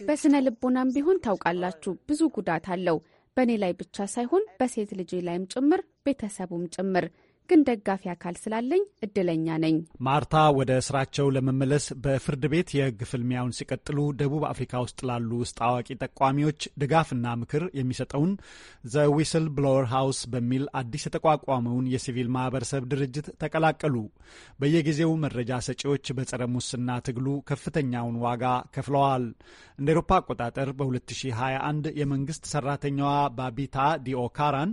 በስነ ልቦናም ቢሆን ታውቃላችሁ፣ ብዙ ጉዳት አለው። በእኔ ላይ ብቻ ሳይሆን በሴት ልጄ ላይም ጭምር ቤተሰቡም ጭምር ግን ደጋፊ አካል ስላለኝ እድለኛ ነኝ። ማርታ ወደ ስራቸው ለመመለስ በፍርድ ቤት የህግ ፍልሚያውን ሲቀጥሉ ደቡብ አፍሪካ ውስጥ ላሉ ውስጥ አዋቂ ጠቋሚዎች ድጋፍና ምክር የሚሰጠውን ዘ ዊስል ብሎወር ሃውስ በሚል አዲስ የተቋቋመውን የሲቪል ማህበረሰብ ድርጅት ተቀላቀሉ። በየጊዜው መረጃ ሰጪዎች በጸረ ሙስና ትግሉ ከፍተኛውን ዋጋ ከፍለዋል። እንደ ኤሮፓ አቆጣጠር በ2021 የመንግስት ሰራተኛዋ ባቢታ ዲኦካራን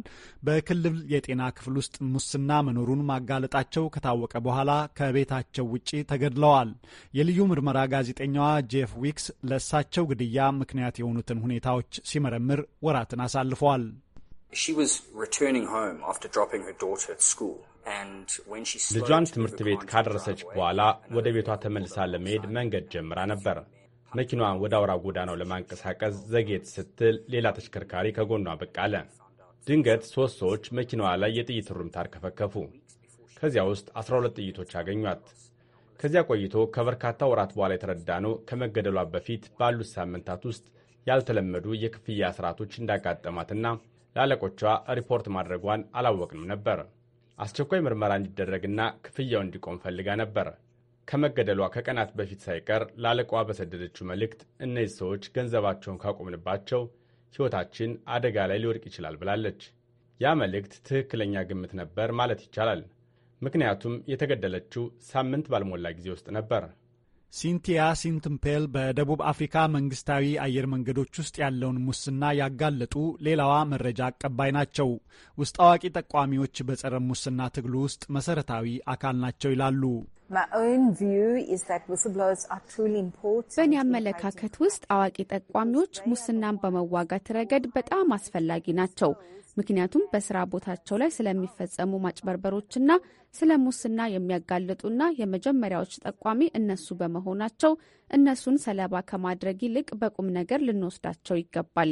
በክልል የጤና ክፍል ውስጥ ሙስና መኖሩን ማጋለጣቸው ከታወቀ በኋላ ከቤታቸው ውጪ ተገድለዋል። የልዩ ምርመራ ጋዜጠኛዋ ጄፍ ዊክስ ለእሳቸው ግድያ ምክንያት የሆኑትን ሁኔታዎች ሲመረምር ወራትን አሳልፈዋል። ልጇን ትምህርት ቤት ካደረሰች በኋላ ወደ ቤቷ ተመልሳ ለመሄድ መንገድ ጀምራ ነበር። መኪናዋን ወደ አውራ ጎዳናው ለማንቀሳቀስ ዘጌት ስትል ሌላ ተሽከርካሪ ከጎኗ ብቅ አለ። ድንገት ሦስት ሰዎች መኪናዋ ላይ የጥይት ሩምታ አርከፈከፉ። ከዚያ ውስጥ 12 ጥይቶች አገኟት። ከዚያ ቆይቶ ከበርካታ ወራት በኋላ የተረዳ ነው ከመገደሏ በፊት ባሉት ሳምንታት ውስጥ ያልተለመዱ የክፍያ ስርዓቶች እንዳጋጠማትና ለአለቆቿ ሪፖርት ማድረጓን አላወቅንም ነበር። አስቸኳይ ምርመራ እንዲደረግና ክፍያው እንዲቆም ፈልጋ ነበር። ከመገደሏ ከቀናት በፊት ሳይቀር ለአለቋ በሰደደችው መልእክት እነዚህ ሰዎች ገንዘባቸውን ካቆምንባቸው ሕይወታችን አደጋ ላይ ሊወድቅ ይችላል ብላለች። ያ መልእክት ትክክለኛ ግምት ነበር ማለት ይቻላል። ምክንያቱም የተገደለችው ሳምንት ባልሞላ ጊዜ ውስጥ ነበር። ሲንቲያ ሲንትምፔል በደቡብ አፍሪካ መንግስታዊ አየር መንገዶች ውስጥ ያለውን ሙስና ያጋለጡ ሌላዋ መረጃ አቀባይ ናቸው። ውስጥ አዋቂ ጠቋሚዎች በጸረ ሙስና ትግሉ ውስጥ መሰረታዊ አካል ናቸው ይላሉ። በእኔ አመለካከት ውስጥ አዋቂ ጠቋሚዎች ሙስናን በመዋጋት ረገድ በጣም አስፈላጊ ናቸው። ምክንያቱም በስራ ቦታቸው ላይ ስለሚፈጸሙ ማጭበርበሮችና ስለ ሙስና የሚያጋልጡና የመጀመሪያዎች ጠቋሚ እነሱ በመሆናቸው እነሱን ሰለባ ከማድረግ ይልቅ በቁም ነገር ልንወስዳቸው ይገባል።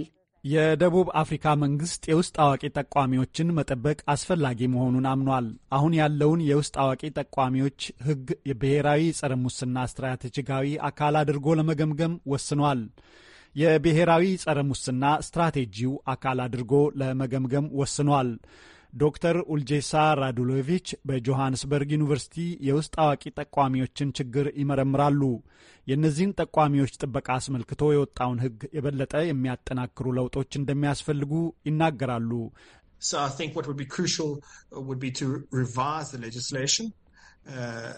የደቡብ አፍሪካ መንግስት የውስጥ አዋቂ ጠቋሚዎችን መጠበቅ አስፈላጊ መሆኑን አምኗል። አሁን ያለውን የውስጥ አዋቂ ጠቋሚዎች ህግ የብሔራዊ ጸረ ሙስና ስትራቴጂካዊ አካል አድርጎ ለመገምገም ወስኗል። የብሔራዊ ጸረ ሙስና ስትራቴጂው አካል አድርጎ ለመገምገም ወስኗል። ዶክተር ኡልጄሳ ራዱሎቪች በጆሃንስበርግ ዩኒቨርሲቲ የውስጥ አዋቂ ጠቋሚዎችን ችግር ይመረምራሉ። የእነዚህን ጠቋሚዎች ጥበቃ አስመልክቶ የወጣውን ሕግ የበለጠ የሚያጠናክሩ ለውጦች እንደሚያስፈልጉ ይናገራሉ። uh, uh,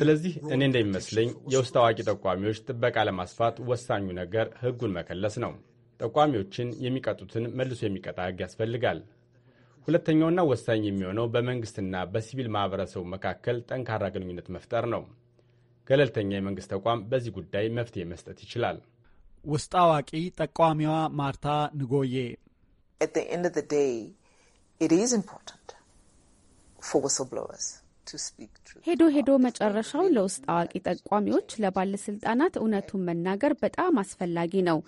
ስለዚህ እኔ እንደሚመስለኝ የውስጥ አዋቂ ጠቋሚዎች ጥበቃ ለማስፋት ወሳኙ ነገር ሕጉን መከለስ ነው። ጠቋሚዎችን የሚቀጡትን መልሶ የሚቀጣ ሕግ ያስፈልጋል። ሁለተኛውና ወሳኝ የሚሆነው በመንግስትና በሲቪል ማህበረሰቡ መካከል ጠንካራ ግንኙነት መፍጠር ነው። ገለልተኛ የመንግስት ተቋም በዚህ ጉዳይ መፍትሄ መስጠት ይችላል። ውስጥ አዋቂ ጠቋሚዋ ማርታ ንጎዬ ሄዶ ሄዶ መጨረሻው ለውስጥ አዋቂ ጠቋሚዎች፣ ለባለስልጣናት እውነቱን መናገር በጣም አስፈላጊ ነው።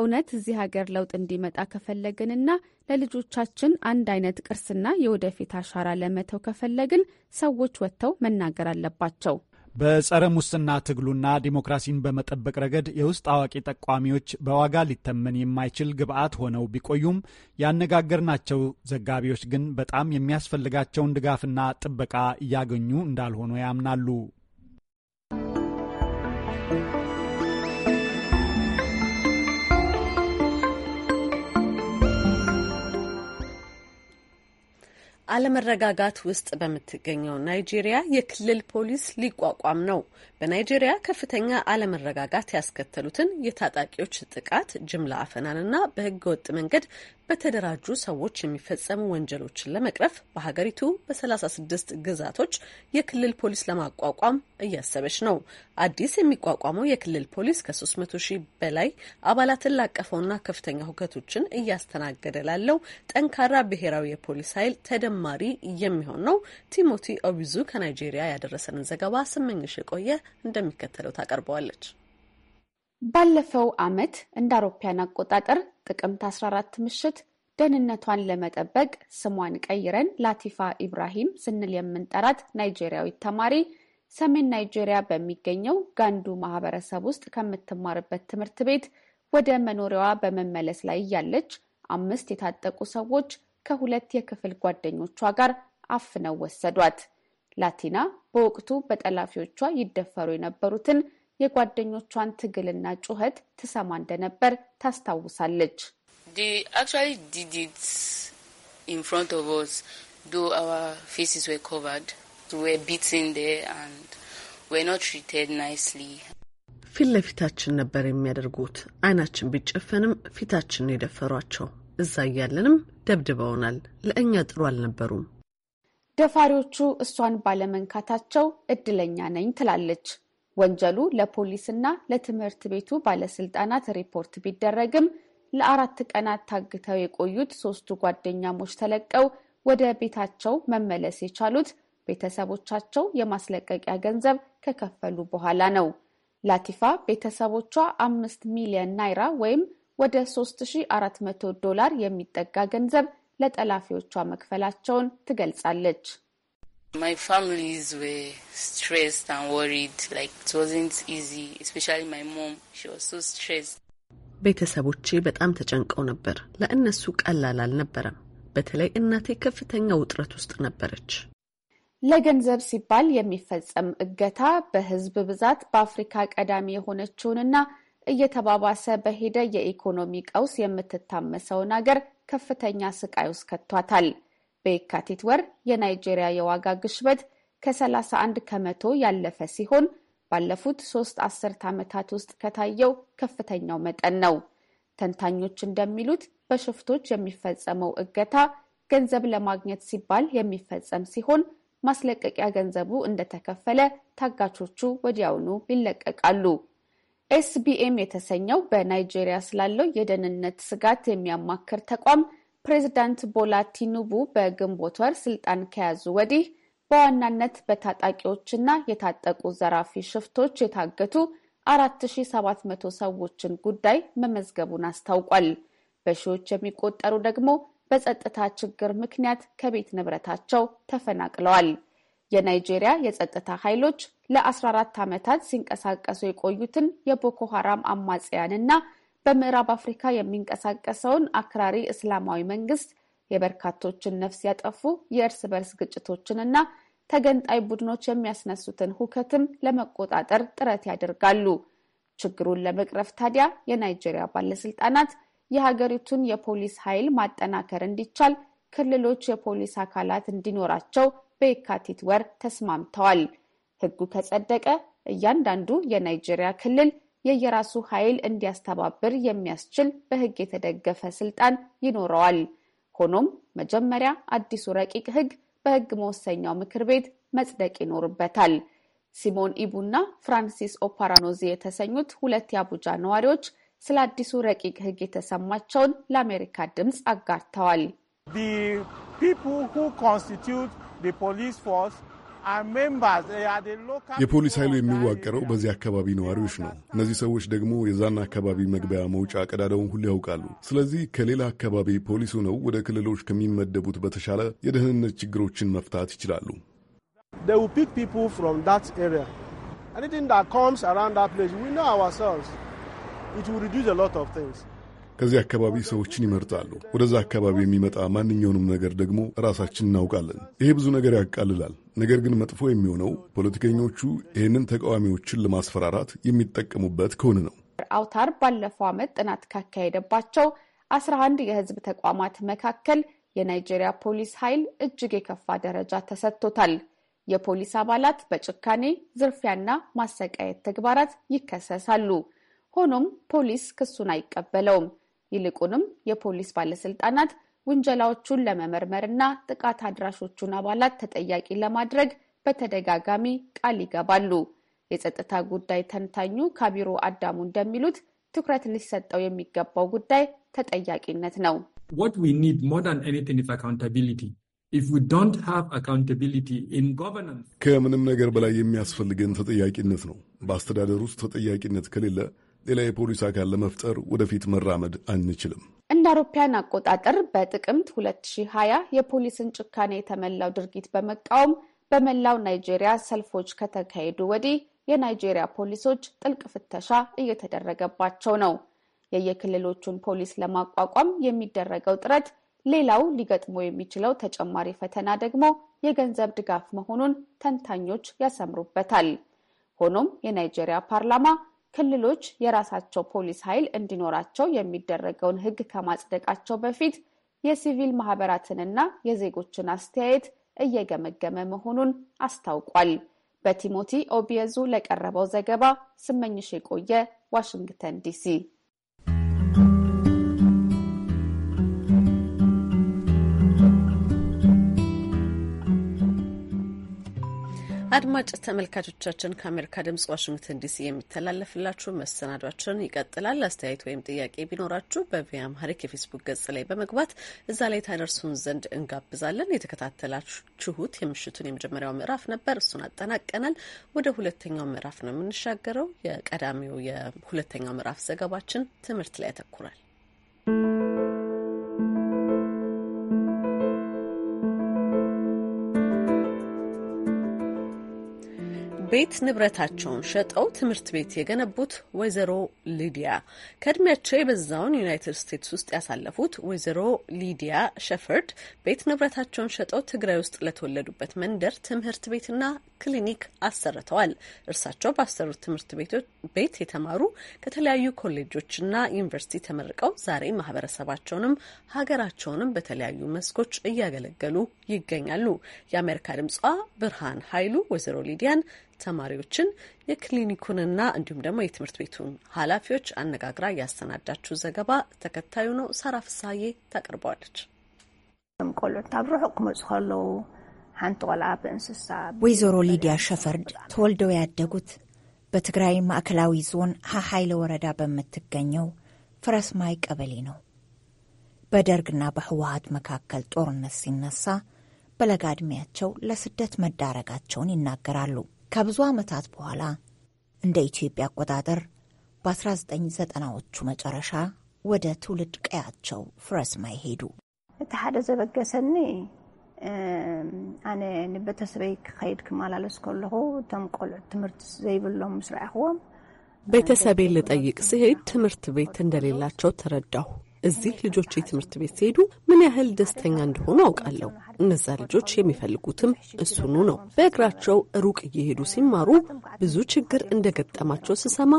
እውነት እዚህ ሀገር ለውጥ እንዲመጣ ከፈለግንና ለልጆቻችን አንድ አይነት ቅርስና የወደፊት አሻራ ለመተው ከፈለግን ሰዎች ወጥተው መናገር አለባቸው። በጸረ ሙስና ትግሉና ዲሞክራሲን በመጠበቅ ረገድ የውስጥ አዋቂ ጠቋሚዎች በዋጋ ሊተመን የማይችል ግብዓት ሆነው ቢቆዩም ያነጋገርናቸው ዘጋቢዎች ግን በጣም የሚያስፈልጋቸውን ድጋፍና ጥበቃ እያገኙ እንዳልሆኑ ያምናሉ። አለመረጋጋት ውስጥ በምትገኘው ናይጄሪያ የክልል ፖሊስ ሊቋቋም ነው። በናይጄሪያ ከፍተኛ አለመረጋጋት ያስከተሉትን የታጣቂዎች ጥቃት፣ ጅምላ አፈናንና በህገወጥ መንገድ በተደራጁ ሰዎች የሚፈጸሙ ወንጀሎችን ለመቅረፍ በሀገሪቱ በ36 ግዛቶች የክልል ፖሊስ ለማቋቋም እያሰበች ነው። አዲስ የሚቋቋመው የክልል ፖሊስ ከ300 ሺህ በላይ አባላትን ላቀፈውና ከፍተኛ ሁከቶችን እያስተናገደ ላለው ጠንካራ ብሔራዊ የፖሊስ ኃይል ተደማሪ የሚሆን ነው። ቲሞቲ ኦቢዙ ከናይጄሪያ ያደረሰንን ዘገባ ስመኝሽ የቆየ እንደሚከተለው ታቀርበዋለች። ባለፈው ዓመት እንደ አውሮፓያን አቆጣጠር ጥቅምት 14 ምሽት ደህንነቷን ለመጠበቅ ስሟን ቀይረን ላቲፋ ኢብራሂም ስንል የምንጠራት ናይጄሪያዊት ተማሪ ሰሜን ናይጄሪያ በሚገኘው ጋንዱ ማህበረሰብ ውስጥ ከምትማርበት ትምህርት ቤት ወደ መኖሪያዋ በመመለስ ላይ እያለች አምስት የታጠቁ ሰዎች ከሁለት የክፍል ጓደኞቿ ጋር አፍነው ወሰዷት። ላቲና በወቅቱ በጠላፊዎቿ ይደፈሩ የነበሩትን የጓደኞቿን ትግልና ጩኸት ትሰማ እንደነበር ታስታውሳለች። ፊት ለፊታችን ነበር የሚያደርጉት። አይናችን ቢጨፈንም ፊታችንን የደፈሯቸው። እዛ እያለንም ደብድበውናል። ለእኛ ጥሩ አልነበሩም። ደፋሪዎቹ እሷን ባለመንካታቸው እድለኛ ነኝ ትላለች። ወንጀሉ ለፖሊስና ለትምህርት ቤቱ ባለስልጣናት ሪፖርት ቢደረግም ለአራት ቀናት ታግተው የቆዩት ሶስቱ ጓደኛሞች ተለቀው ወደ ቤታቸው መመለስ የቻሉት ቤተሰቦቻቸው የማስለቀቂያ ገንዘብ ከከፈሉ በኋላ ነው። ላቲፋ ቤተሰቦቿ አምስት ሚሊዮን ናይራ ወይም ወደ 3400 ዶላር የሚጠጋ ገንዘብ ለጠላፊዎቿ መክፈላቸውን ትገልጻለች። ቤተሰቦቼ በጣም ተጨንቀው ነበር። ለእነሱ ቀላል አልነበረም። በተለይ እናቴ ከፍተኛ ውጥረት ውስጥ ነበረች። ለገንዘብ ሲባል የሚፈጸም እገታ በህዝብ ብዛት በአፍሪካ ቀዳሚ የሆነችውንና እየተባባሰ በሄደ የኢኮኖሚ ቀውስ የምትታመሰውን አገር ከፍተኛ ስቃይ ውስጥ ከቷታል። በየካቲት ወር የናይጄሪያ የዋጋ ግሽበት ከ31 ከመቶ ያለፈ ሲሆን ባለፉት ሶስት አስርት ዓመታት ውስጥ ከታየው ከፍተኛው መጠን ነው። ተንታኞች እንደሚሉት በሽፍቶች የሚፈጸመው እገታ ገንዘብ ለማግኘት ሲባል የሚፈጸም ሲሆን ማስለቀቂያ ገንዘቡ እንደተከፈለ ታጋቾቹ ወዲያውኑ ይለቀቃሉ። ኤስቢኤም የተሰኘው በናይጄሪያ ስላለው የደህንነት ስጋት የሚያማክር ተቋም ፕሬዚዳንት ቦላ ቲኑቡ በግንቦት ወር ስልጣን ከያዙ ወዲህ በዋናነት በታጣቂዎችና የታጠቁ ዘራፊ ሽፍቶች የታገቱ 4700 ሰዎችን ጉዳይ መመዝገቡን አስታውቋል። በሺዎች የሚቆጠሩ ደግሞ በጸጥታ ችግር ምክንያት ከቤት ንብረታቸው ተፈናቅለዋል። የናይጄሪያ የጸጥታ ኃይሎች ለ14 ዓመታት ሲንቀሳቀሱ የቆዩትን የቦኮ ሐራም አማጽያንና በምዕራብ አፍሪካ የሚንቀሳቀሰውን አክራሪ እስላማዊ መንግስት የበርካቶችን ነፍስ ያጠፉ የእርስ በርስ ግጭቶችንና ተገንጣይ ቡድኖች የሚያስነሱትን ሁከትም ለመቆጣጠር ጥረት ያደርጋሉ። ችግሩን ለመቅረፍ ታዲያ የናይጄሪያ ባለስልጣናት የሀገሪቱን የፖሊስ ኃይል ማጠናከር እንዲቻል ክልሎች የፖሊስ አካላት እንዲኖራቸው በየካቲት ወር ተስማምተዋል። ሕጉ ከጸደቀ እያንዳንዱ የናይጄሪያ ክልል የየራሱ ኃይል እንዲያስተባብር የሚያስችል በህግ የተደገፈ ስልጣን ይኖረዋል። ሆኖም መጀመሪያ አዲሱ ረቂቅ ሕግ በሕግ መወሰኛው ምክር ቤት መጽደቅ ይኖርበታል። ሲሞን ኢቡና ፍራንሲስ ኦፓራኖዚ የተሰኙት ሁለት የአቡጃ ነዋሪዎች ስለ አዲሱ ረቂቅ ሕግ የተሰማቸውን ለአሜሪካ ድምፅ አጋርተዋል። የፖሊስ ኃይሉ የሚዋቀረው በዚህ አካባቢ ነዋሪዎች ነው። እነዚህ ሰዎች ደግሞ የዛን አካባቢ መግቢያ መውጫ ቀዳዳውን ሁሉ ያውቃሉ። ስለዚህ ከሌላ አካባቢ ፖሊስ ነው ወደ ክልሎች ከሚመደቡት በተሻለ የደህንነት ችግሮችን መፍታት ይችላሉ። ከዚህ አካባቢ ሰዎችን ይመርጣሉ። ወደዛ አካባቢ የሚመጣ ማንኛውንም ነገር ደግሞ ራሳችን እናውቃለን። ይሄ ብዙ ነገር ያቃልላል። ነገር ግን መጥፎ የሚሆነው ፖለቲከኞቹ ይህንን ተቃዋሚዎችን ለማስፈራራት የሚጠቀሙበት ከሆነ ነው። አውታር ባለፈው ዓመት ጥናት ካካሄደባቸው 11 የህዝብ ተቋማት መካከል የናይጄሪያ ፖሊስ ኃይል እጅግ የከፋ ደረጃ ተሰጥቶታል። የፖሊስ አባላት በጭካኔ ዝርፊያና ማሰቃየት ተግባራት ይከሰሳሉ። ሆኖም ፖሊስ ክሱን አይቀበለውም። ይልቁንም የፖሊስ ባለስልጣናት ውንጀላዎቹን ለመመርመርና ጥቃት አድራሾቹን አባላት ተጠያቂ ለማድረግ በተደጋጋሚ ቃል ይገባሉ። የጸጥታ ጉዳይ ተንታኙ ካቢሮ አዳሙ እንደሚሉት ትኩረት ሊሰጠው የሚገባው ጉዳይ ተጠያቂነት ነው። ከምንም ነገር በላይ የሚያስፈልገን ተጠያቂነት ነው። በአስተዳደር ውስጥ ተጠያቂነት ከሌለ ሌላ የፖሊስ አካል ለመፍጠር ወደፊት መራመድ አንችልም። እንደ አውሮፓውያን አቆጣጠር በጥቅምት 2020 የፖሊስን ጭካኔ የተሞላው ድርጊት በመቃወም በመላው ናይጄሪያ ሰልፎች ከተካሄዱ ወዲህ የናይጄሪያ ፖሊሶች ጥልቅ ፍተሻ እየተደረገባቸው ነው። የየክልሎቹን ፖሊስ ለማቋቋም የሚደረገው ጥረት ሌላው ሊገጥሞ የሚችለው ተጨማሪ ፈተና ደግሞ የገንዘብ ድጋፍ መሆኑን ተንታኞች ያሰምሩበታል። ሆኖም የናይጄሪያ ፓርላማ ክልሎች የራሳቸው ፖሊስ ኃይል እንዲኖራቸው የሚደረገውን ሕግ ከማጽደቃቸው በፊት የሲቪል ማህበራትንና የዜጎችን አስተያየት እየገመገመ መሆኑን አስታውቋል። በቲሞቲ ኦቢየዙ ለቀረበው ዘገባ ስመኝሽ የቆየ ዋሽንግተን ዲሲ አድማጭ ተመልካቾቻችን ከአሜሪካ ድምጽ ዋሽንግተን ዲሲ የሚተላለፍላችሁ መሰናዷችን ይቀጥላል። አስተያየት ወይም ጥያቄ ቢኖራችሁ በቪኦኤ አምሃሪክ የፌስቡክ ገጽ ላይ በመግባት እዛ ላይ ታደርሱን ዘንድ እንጋብዛለን። የተከታተላችሁት የምሽቱን የመጀመሪያው ምዕራፍ ነበር። እሱን አጠናቀናል። ወደ ሁለተኛው ምዕራፍ ነው የምንሻገረው። የቀዳሚው የሁለተኛው ምዕራፍ ዘገባችን ትምህርት ላይ ያተኩራል። ቤት ንብረታቸውን ሸጠው ትምህርት ቤት የገነቡት ወይዘሮ ሊዲያ ከእድሜያቸው የበዛውን ዩናይትድ ስቴትስ ውስጥ ያሳለፉት ወይዘሮ ሊዲያ ሸፈርድ ቤት ንብረታቸውን ሸጠው ትግራይ ውስጥ ለተወለዱበት መንደር ትምህርት ቤትና ክሊኒክ አሰርተዋል። እርሳቸው ባሰሩት ትምህርት ቤት የተማሩ ከተለያዩ ኮሌጆችና ዩኒቨርሲቲ ተመርቀው ዛሬ ማህበረሰባቸውንም ሀገራቸውንም በተለያዩ መስኮች እያገለገሉ ይገኛሉ። የአሜሪካ ድምጿ ብርሃን ኃይሉ ወይዘሮ ሊዲያን ተማሪዎችን የክሊኒኩንና እንዲሁም ደግሞ የትምህርት ቤቱን ኃላፊዎች አነጋግራ ያሰናዳችው ዘገባ ተከታዩ ነው። ሳራ ፍሳዬ ታቀርበዋለች። ቆልዑ ካብ ርሑቕ ክመፁ ወይዘሮ ሊዲያ ሸፈርድ ተወልደው ያደጉት በትግራይ ማዕከላዊ ዞን ሀሀይለ ወረዳ በምትገኘው ፍረስማይ ቀበሌ ነው። በደርግና በህወሀት መካከል ጦርነት ሲነሳ በለጋ ዕድሜያቸው ለስደት መዳረጋቸውን ይናገራሉ። ከብዙ ዓመታት በኋላ እንደ ኢትዮጵያ አቆጣጠር በ1990ዎቹ መጨረሻ ወደ ትውልድ ቀያቸው ፍረስማይ ሄዱ። እቲ ሓደ ዘበገሰኒ ኣነ ንቤተሰበይ ክኸይድ ክመላለስ ከለኹ እቶም ቆልዑት ትምህርቲ ዘይብሎም ምስ ረኣኽዎም ቤተሰበይ ልጠይቅ ስሄድ ትምህርቲ ቤት እንደሌላቸው ተረዳሁ። እዚህ ልጆች ትምህርት ቤት ሲሄዱ ምን ያህል ደስተኛ እንደሆኑ አውቃለሁ። እነዛ ልጆች የሚፈልጉትም እሱኑ ነው። በእግራቸው ሩቅ እየሄዱ ሲማሩ ብዙ ችግር እንደገጠማቸው ስሰማ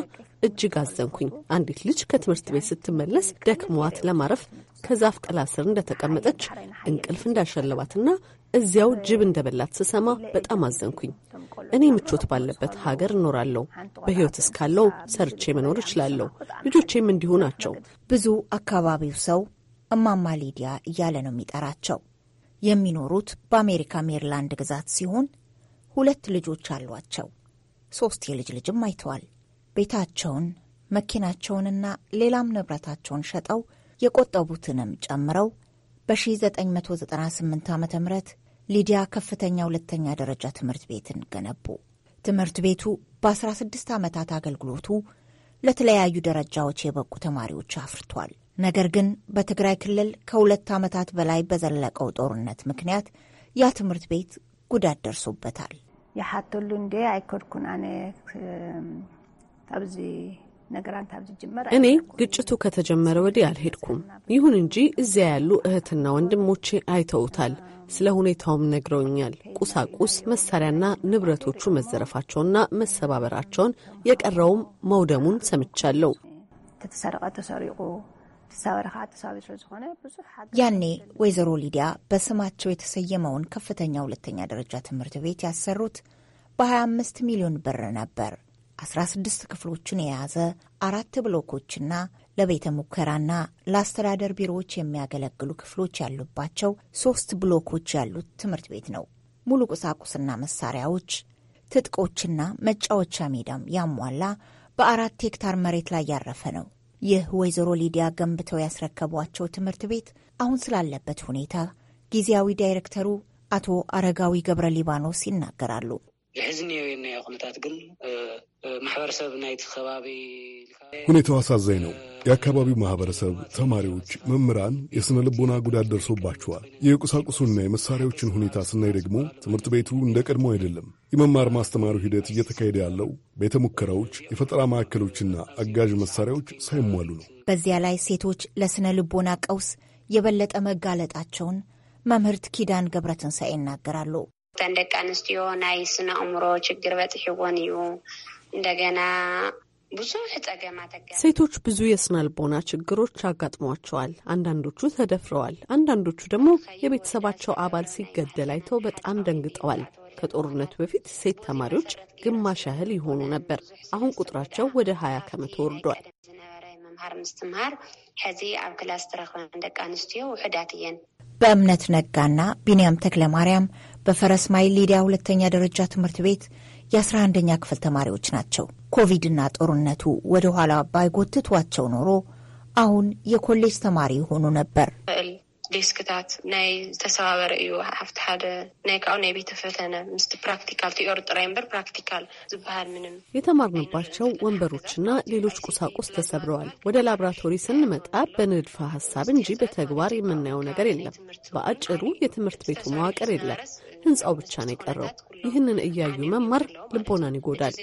እጅግ አዘንኩኝ። አንዲት ልጅ ከትምህርት ቤት ስትመለስ ደክመዋት ለማረፍ ከዛፍ ጥላ ስር እንደተቀመጠች እንቅልፍ እንዳሸለባትና እዚያው ጅብ እንደበላት ስሰማ በጣም አዘንኩኝ። እኔ ምቾት ባለበት ሀገር እኖራለሁ። በሕይወት እስካለው ሰርቼ መኖር እችላለሁ። ልጆቼም እንዲሁ ናቸው። ብዙ አካባቢው ሰው እማማ ሊዲያ እያለ ነው የሚጠራቸው። የሚኖሩት በአሜሪካ ሜሪላንድ ግዛት ሲሆን ሁለት ልጆች አሏቸው። ሶስት የልጅ ልጅም አይተዋል። ቤታቸውን መኪናቸውንና ሌላም ንብረታቸውን ሸጠው የቆጠቡትንም ጨምረው በ1998 ዓ ም ሊዲያ ከፍተኛ ሁለተኛ ደረጃ ትምህርት ቤትን ገነቡ። ትምህርት ቤቱ በ16 ዓመታት አገልግሎቱ ለተለያዩ ደረጃዎች የበቁ ተማሪዎች አፍርቷል። ነገር ግን በትግራይ ክልል ከሁለት ዓመታት በላይ በዘለቀው ጦርነት ምክንያት ያ ትምህርት ቤት ጉዳት ደርሶበታል። የሓተሉ እንዴ አይኮድኩን አነ ኣብዚ እኔ ግጭቱ ከተጀመረ ወዲህ አልሄድኩም። ይሁን እንጂ እዚያ ያሉ እህትና ወንድሞቼ አይተውታል። ስለ ሁኔታውም ነግረውኛል። ቁሳቁስ መሳሪያና ንብረቶቹ መዘረፋቸውና መሰባበራቸውን የቀረውም መውደሙን ሰምቻለሁ። ያኔ ወይዘሮ ሊዲያ በስማቸው የተሰየመውን ከፍተኛ ሁለተኛ ደረጃ ትምህርት ቤት ያሰሩት በ25 ሚሊዮን ብር ነበር። 16 ክፍሎችን የያዘ አራት ብሎኮችና ለቤተ ሙከራና ለአስተዳደር ቢሮዎች የሚያገለግሉ ክፍሎች ያሉባቸው ሶስት ብሎኮች ያሉት ትምህርት ቤት ነው። ሙሉ ቁሳቁስና መሳሪያዎች፣ ትጥቆችና መጫወቻ ሜዳም ያሟላ በአራት ሄክታር መሬት ላይ ያረፈ ነው። ይህ ወይዘሮ ሊዲያ ገንብተው ያስረከቧቸው ትምህርት ቤት አሁን ስላለበት ሁኔታ ጊዜያዊ ዳይሬክተሩ አቶ አረጋዊ ገብረ ሊባኖስ ይናገራሉ። የሕዝኒ ኩነታት ግን ሁኔታው አሳዛኝ ነው። የአካባቢው ማህበረሰብ፣ ተማሪዎች፣ መምህራን የሥነ ልቦና ጉዳት ደርሶባቸዋል። የቁሳቁሱና የመሳሪያዎችን ሁኔታ ስናይ ደግሞ ትምህርት ቤቱ እንደ ቀድሞ አይደለም። የመማር ማስተማሩ ሂደት እየተካሄደ ያለው ቤተ ሙከራዎች፣ የፈጠራ ማዕከሎችና አጋዥ መሳሪያዎች ሳይሟሉ ነው። በዚያ ላይ ሴቶች ለሥነ ልቦና ቀውስ የበለጠ መጋለጣቸውን መምህርት ኪዳን ገብረትንሳኤ ይናገራሉ። ደቂ ኣንስትዮ ናይ ስነ እምሮ ችግር በፅሕዎን እዩ እንደገና ብዙ ሴቶች ብዙ የስነልቦና ችግሮች አጋጥሟቸዋል። አንዳንዶቹ ተደፍረዋል። አንዳንዶቹ ደግሞ የቤተሰባቸው አባል ሲገደል አይተው በጣም ደንግጠዋል። ከጦርነቱ በፊት ሴት ተማሪዎች ግማሽ ያህል ይሆኑ ነበር። አሁን ቁጥራቸው ወደ ሀያ ከመቶ ወርዷል። በእምነት ነጋና ቢንያም ተክለ ማርያም በፈረስ ማይል ሊዲያ ሁለተኛ ደረጃ ትምህርት ቤት የ11ኛ ክፍል ተማሪዎች ናቸው። ኮቪድና ጦርነቱ ወደ ኋላ ባይጎትቷቸው ኖሮ አሁን የኮሌጅ ተማሪ ሆኑ ነበር። ዴስክታት ናይ ዝተሰባበረ እዩ ሓፍቲ ሓደ ናይ ካብ ናይ ቤተ ፈተነ ምስቲ ፕራክቲካል ትኦር ጥራይ እምበር ፕራክቲካል ዝበሃል ምንም የተማርንባቸው ወንበሮችና ሌሎች ቁሳቁስ ተሰብረዋል። ወደ ላብራቶሪ ስንመጣ በንድፈ ሀሳብ እንጂ በተግባር የምናየው ነገር የለም። በአጭሩ የትምህርት ቤቱ መዋቅር የለም። ህንፃው ብቻ ነው የቀረው። ይህንን እያዩ መማር ልቦናን ይጎዳል።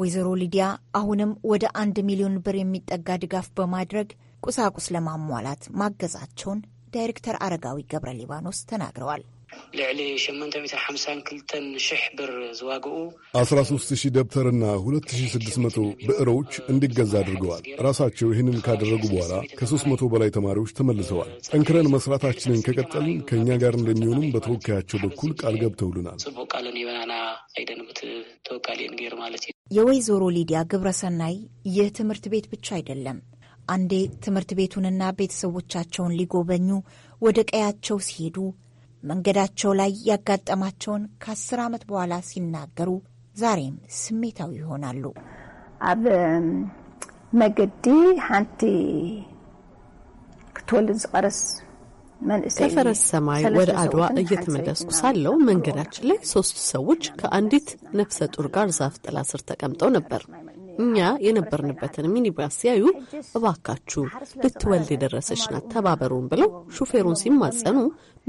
ወይዘሮ ሊዲያ አሁንም ወደ አንድ ሚሊዮን ብር የሚጠጋ ድጋፍ በማድረግ ቁሳቁስ ለማሟላት ማገዛቸውን ዳይሬክተር አረጋዊ ገብረ ሊባኖስ ተናግረዋል። ልዕሊ 852 ሽሕ ብር ዝዋግኡ 13000 ደብተርና 2600 ብዕሮች እንዲገዛ አድርገዋል። ራሳቸው ይህንን ካደረጉ በኋላ ከ300 በላይ ተማሪዎች ተመልሰዋል። ጠንክረን መስራታችንን ከቀጠልን ከእኛ ጋር እንደሚሆኑም በተወካያቸው በኩል ቃል ገብተውልናል። ጽቡቅ ቃልን ይበናና አይደንምት ተወቃሊ ንጌር ማለት የወይዘሮ ሊዲያ ግብረሰናይ ይህ ትምህርት ቤት ብቻ አይደለም። አንዴ ትምህርት ቤቱንና ቤተሰቦቻቸውን ሊጎበኙ ወደ ቀያቸው ሲሄዱ መንገዳቸው ላይ ያጋጠማቸውን ከአስር ዓመት በኋላ ሲናገሩ ዛሬም ስሜታዊ ይሆናሉ። ኣብ መገዲ ሓንቲ ክትወልድ ዝቀረስ ከፈረስ ሰማይ ወደ አድዋ እየተመለስኩ ሳለው መንገዳችን ላይ ሶስት ሰዎች ከአንዲት ነፍሰ ጡር ጋር ዛፍ ጥላ ስር ተቀምጠው ነበር። እኛ የነበርንበትን ሚኒባስ ሲያዩ እባካችሁ ልትወልድ የደረሰች ናት ተባበሩን ብለው ሹፌሩን ሲማጸኑ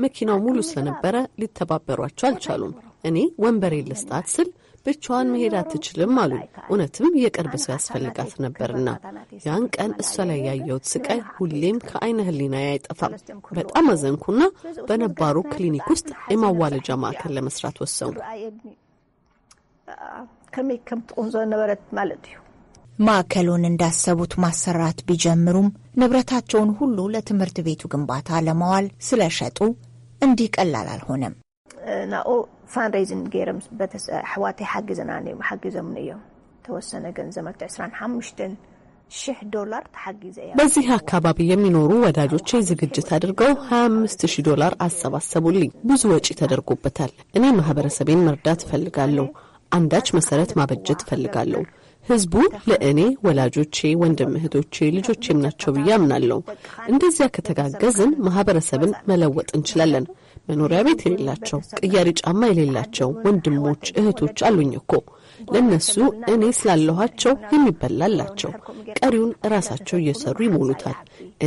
መኪናው ሙሉ ስለነበረ ሊተባበሯቸው አልቻሉም። እኔ ወንበሬ ልስጣት ስል ብቻዋን መሄድ አትችልም አሉ። እውነትም የቅርብ ሰው ያስፈልጋት ነበርና ያን ቀን እሷ ላይ ያየሁት ስቃይ ሁሌም ከአይነ ህሊና አይጠፋም። በጣም አዘንኩና በነባሩ ክሊኒክ ውስጥ የማዋለጃ ማዕከል ለመስራት ወሰንኩ። ከመይ ከም ትኹን ዝነበረት ማለት እዩ ማእከሉን እንዳሰቡት ማሰራት ቢጀምሩም ንብረታቸውን ሁሉ ለትምህርት ቤቱ ግንባታ ለመዋል ስለሸጡ እንዲህ ቀላል አልሆነም። ናብኡ ፋንሬዝን ገይሮም ኣሕዋተይ ሓግዘና ሓጊዞምን እዮም ተወሰነ ገንዘብ 25 ሽሕ ዶላር ተሓጊዘ እያ። በዚህ አካባቢ የሚኖሩ ወዳጆቼ ዝግጅት አድርገው 25000 ዶላር አሰባሰቡልኝ። ብዙ ወጪ ተደርጎበታል። እኔ ማህበረሰቤን መርዳት እፈልጋለሁ። አንዳች መሰረት ማበጀት እፈልጋለሁ። ህዝቡ ለእኔ ወላጆቼ፣ ወንድም እህቶቼ፣ ልጆቼም ናቸው ብዬ አምናለሁ። እንደዚያ ከተጋገዝን ማህበረሰብን መለወጥ እንችላለን። መኖሪያ ቤት የሌላቸው፣ ቅያሪ ጫማ የሌላቸው ወንድሞች እህቶች አሉኝ እኮ ለእነሱ እኔ ስላለኋቸው የሚበላላቸው፣ ቀሪውን እራሳቸው እየሰሩ ይሞሉታል።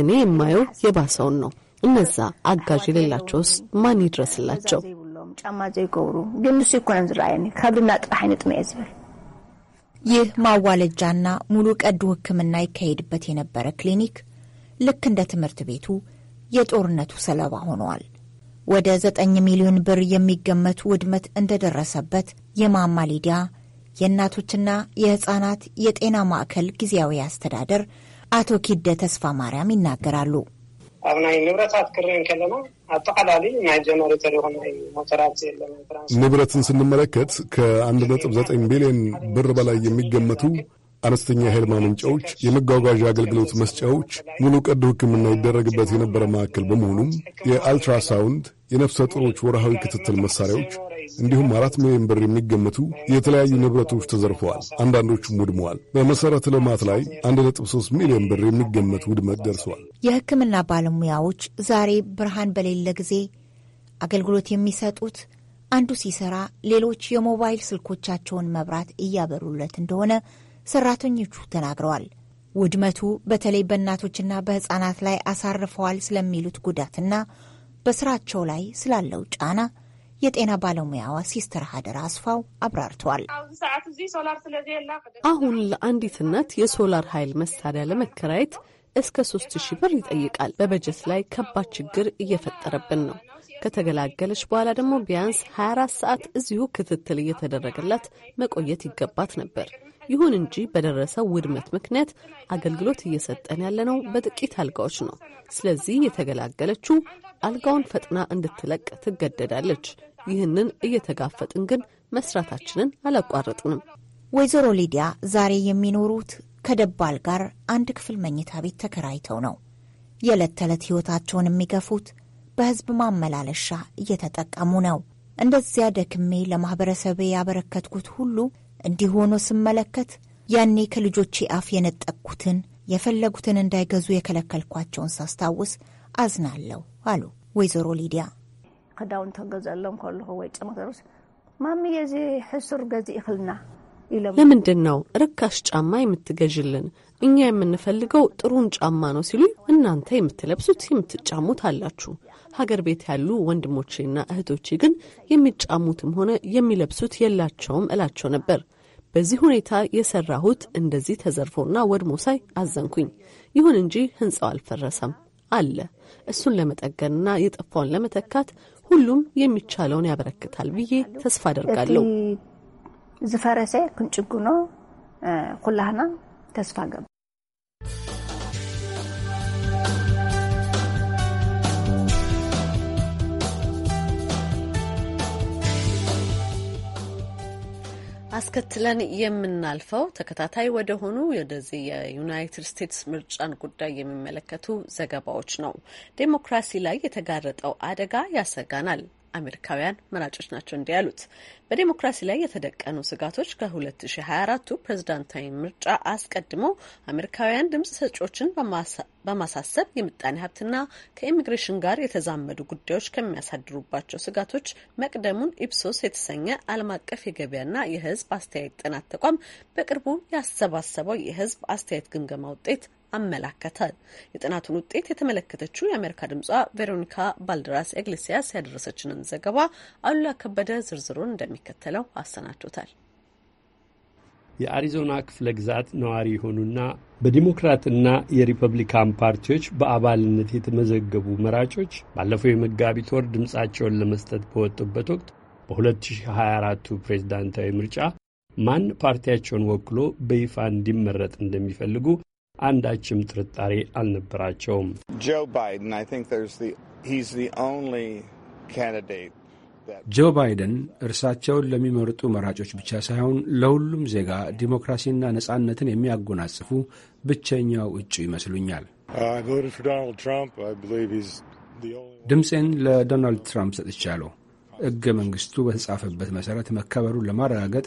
እኔ የማየው የባሰውን ነው። እነዛ አጋዥ የሌላቸውስ ማን ይድረስላቸው? ዘለዎም ጫማ ዘይገብሩ ግን ንሱ ይኮነን ዝረአየኒ ካብድና ጥራሕ ይንጥመ እየ ዝብል ይህ ማዋለጃና ሙሉ ቀዱ ሕክምና ይካሄድበት የነበረ ክሊኒክ ልክ እንደ ትምህርት ቤቱ የጦርነቱ ሰለባ ሆነዋል። ወደ ዘጠኝ ሚሊዮን ብር የሚገመት ውድመት እንደደረሰበት የማማ ሊዲያ የእናቶችና የሕፃናት የጤና ማዕከል ጊዜያዊ አስተዳደር አቶ ኪደ ተስፋ ማርያም ይናገራሉ። ኣብ ናይ ንብረታት ክርን ከለና ኣጠቃላሊ ናይ ጀነሬተር ይኹን ናይ ሞተራት የለና ንብረትን ስንመለከት ከአንድ ነጥብ ዘጠኝ ቢልዮን ብር በላይ የሚገመቱ አነስተኛ የኃይል ማመንጫዎች፣ የመጓጓዣ አገልግሎት መስጫዎች፣ ሙሉ ቀዶ ሕክምና ይደረግበት የነበረ ማዕከል በመሆኑም የአልትራሳውንድ የነፍሰ ጥሮች ወርሃዊ ክትትል መሳሪያዎች እንዲሁም አራት ሚሊዮን ብር የሚገመቱ የተለያዩ ንብረቶች ተዘርፈዋል። አንዳንዶቹም ውድመዋል። በመሠረተ ልማት ላይ 1.3 ሚሊዮን ብር የሚገመት ውድመት ደርሰዋል። የሕክምና ባለሙያዎች ዛሬ ብርሃን በሌለ ጊዜ አገልግሎት የሚሰጡት አንዱ ሲሰራ ሌሎች የሞባይል ስልኮቻቸውን መብራት እያበሩለት እንደሆነ ሰራተኞቹ ተናግረዋል። ውድመቱ በተለይ በእናቶችና በሕፃናት ላይ አሳርፈዋል ስለሚሉት ጉዳትና በስራቸው ላይ ስላለው ጫና የጤና ባለሙያዋ ሲስተር ሀደር አስፋው አብራርተዋል። አሁን ለአንዲት እናት የሶላር ኃይል መሳሪያ ለመከራየት እስከ ሶስት ሺህ ብር ይጠይቃል። በበጀት ላይ ከባድ ችግር እየፈጠረብን ነው። ከተገላገለች በኋላ ደግሞ ቢያንስ 24 ሰዓት እዚሁ ክትትል እየተደረገላት መቆየት ይገባት ነበር። ይሁን እንጂ በደረሰው ውድመት ምክንያት አገልግሎት እየሰጠን ያለነው በጥቂት አልጋዎች ነው። ስለዚህ የተገላገለችው አልጋውን ፈጥና እንድትለቅ ትገደዳለች። ይህንን እየተጋፈጥን ግን መስራታችንን አላቋረጥንም። ወይዘሮ ሊዲያ ዛሬ የሚኖሩት ከደባል ጋር አንድ ክፍል መኝታ ቤት ተከራይተው ነው። የዕለት ተዕለት ሕይወታቸውን የሚገፉት በሕዝብ ማመላለሻ እየተጠቀሙ ነው። እንደዚያ ደክሜ ለማኅበረሰብ ያበረከትኩት ሁሉ እንዲህ ሆኖ ስመለከት ያኔ ከልጆቼ አፍ የነጠቅኩትን የፈለጉትን እንዳይገዙ የከለከልኳቸውን ሳስታውስ አዝናለሁ አሉ ወይዘሮ ሊዲያ። ክዳውንቲ ክገዘሎም ከልኹ ወይ ጭምክርስ ማሚ የዚ ሕሱር ገዚ ይኽልና ኢሎም ለምንድን ነው ርካሽ ጫማ የምትገዥልን? እኛ የምንፈልገው ጥሩን ጫማ ነው ሲሉ እናንተ የምትለብሱት የምትጫሙት አላችሁ። ሀገር ቤት ያሉ ወንድሞቼና እህቶቼ ግን የሚጫሙትም ሆነ የሚለብሱት የላቸውም እላቸው ነበር። በዚህ ሁኔታ የሰራሁት እንደዚህ ተዘርፎና ወድሞ ሳይ አዘንኩኝ። ይሁን እንጂ ህንፃው አልፈረሰም አለ። እሱን ለመጠገንና የጠፋውን ለመተካት ሁሉም የሚቻለውን ያበረክታል ብዬ ተስፋ አደርጋለሁ። ዝፈረሰ ክንጭጉኖ ኩላህና ተስፋ ገባ አስከትለን የምናልፈው ተከታታይ ወደ ሆኑ ወደዚህ የዩናይትድ ስቴትስ ምርጫን ጉዳይ የሚመለከቱ ዘገባዎች ነው። ዴሞክራሲ ላይ የተጋረጠው አደጋ ያሰጋናል አሜሪካውያን መራጮች ናቸው እንዲህ ያሉት። በዴሞክራሲ ላይ የተደቀኑ ስጋቶች ከ2024ቱ ፕሬዝዳንታዊ ምርጫ አስቀድሞ አሜሪካውያን ድምጽ ሰጪዎችን በማሳሰብ የምጣኔ ሀብትና ከኢሚግሬሽን ጋር የተዛመዱ ጉዳዮች ከሚያሳድሩባቸው ስጋቶች መቅደሙን ኢፕሶስ የተሰኘ ዓለም አቀፍ የገበያና የሕዝብ አስተያየት ጥናት ተቋም በቅርቡ ያሰባሰበው የሕዝብ አስተያየት ግምገማ ውጤት አመላከተ። የጥናቱን ውጤት የተመለከተችው የአሜሪካ ድምጿ ቬሮኒካ ባልደራስ ኤግሌሲያስ ያደረሰችንን ዘገባ አሉላ ከበደ ዝርዝሩን እንደሚከተለው አሰናድቶታል። የአሪዞና ክፍለ ግዛት ነዋሪ የሆኑና በዲሞክራትና የሪፐብሊካን ፓርቲዎች በአባልነት የተመዘገቡ መራጮች ባለፈው የመጋቢት ወር ድምፃቸውን ለመስጠት በወጡበት ወቅት በ2024ቱ ፕሬዝዳንታዊ ምርጫ ማን ፓርቲያቸውን ወክሎ በይፋ እንዲመረጥ እንደሚፈልጉ አንዳችም ጥርጣሬ አልነበራቸውም። ጆ ባይደን እርሳቸውን ለሚመርጡ መራጮች ብቻ ሳይሆን ለሁሉም ዜጋ ዲሞክራሲና ነጻነትን የሚያጎናጽፉ ብቸኛው እጩ ይመስሉኛል። uh, ድምፄን ለዶናልድ ትራምፕ ሰጥቻለሁ። ሕገ መንግሥቱ በተጻፈበት መሠረት መከበሩን ለማረጋገጥ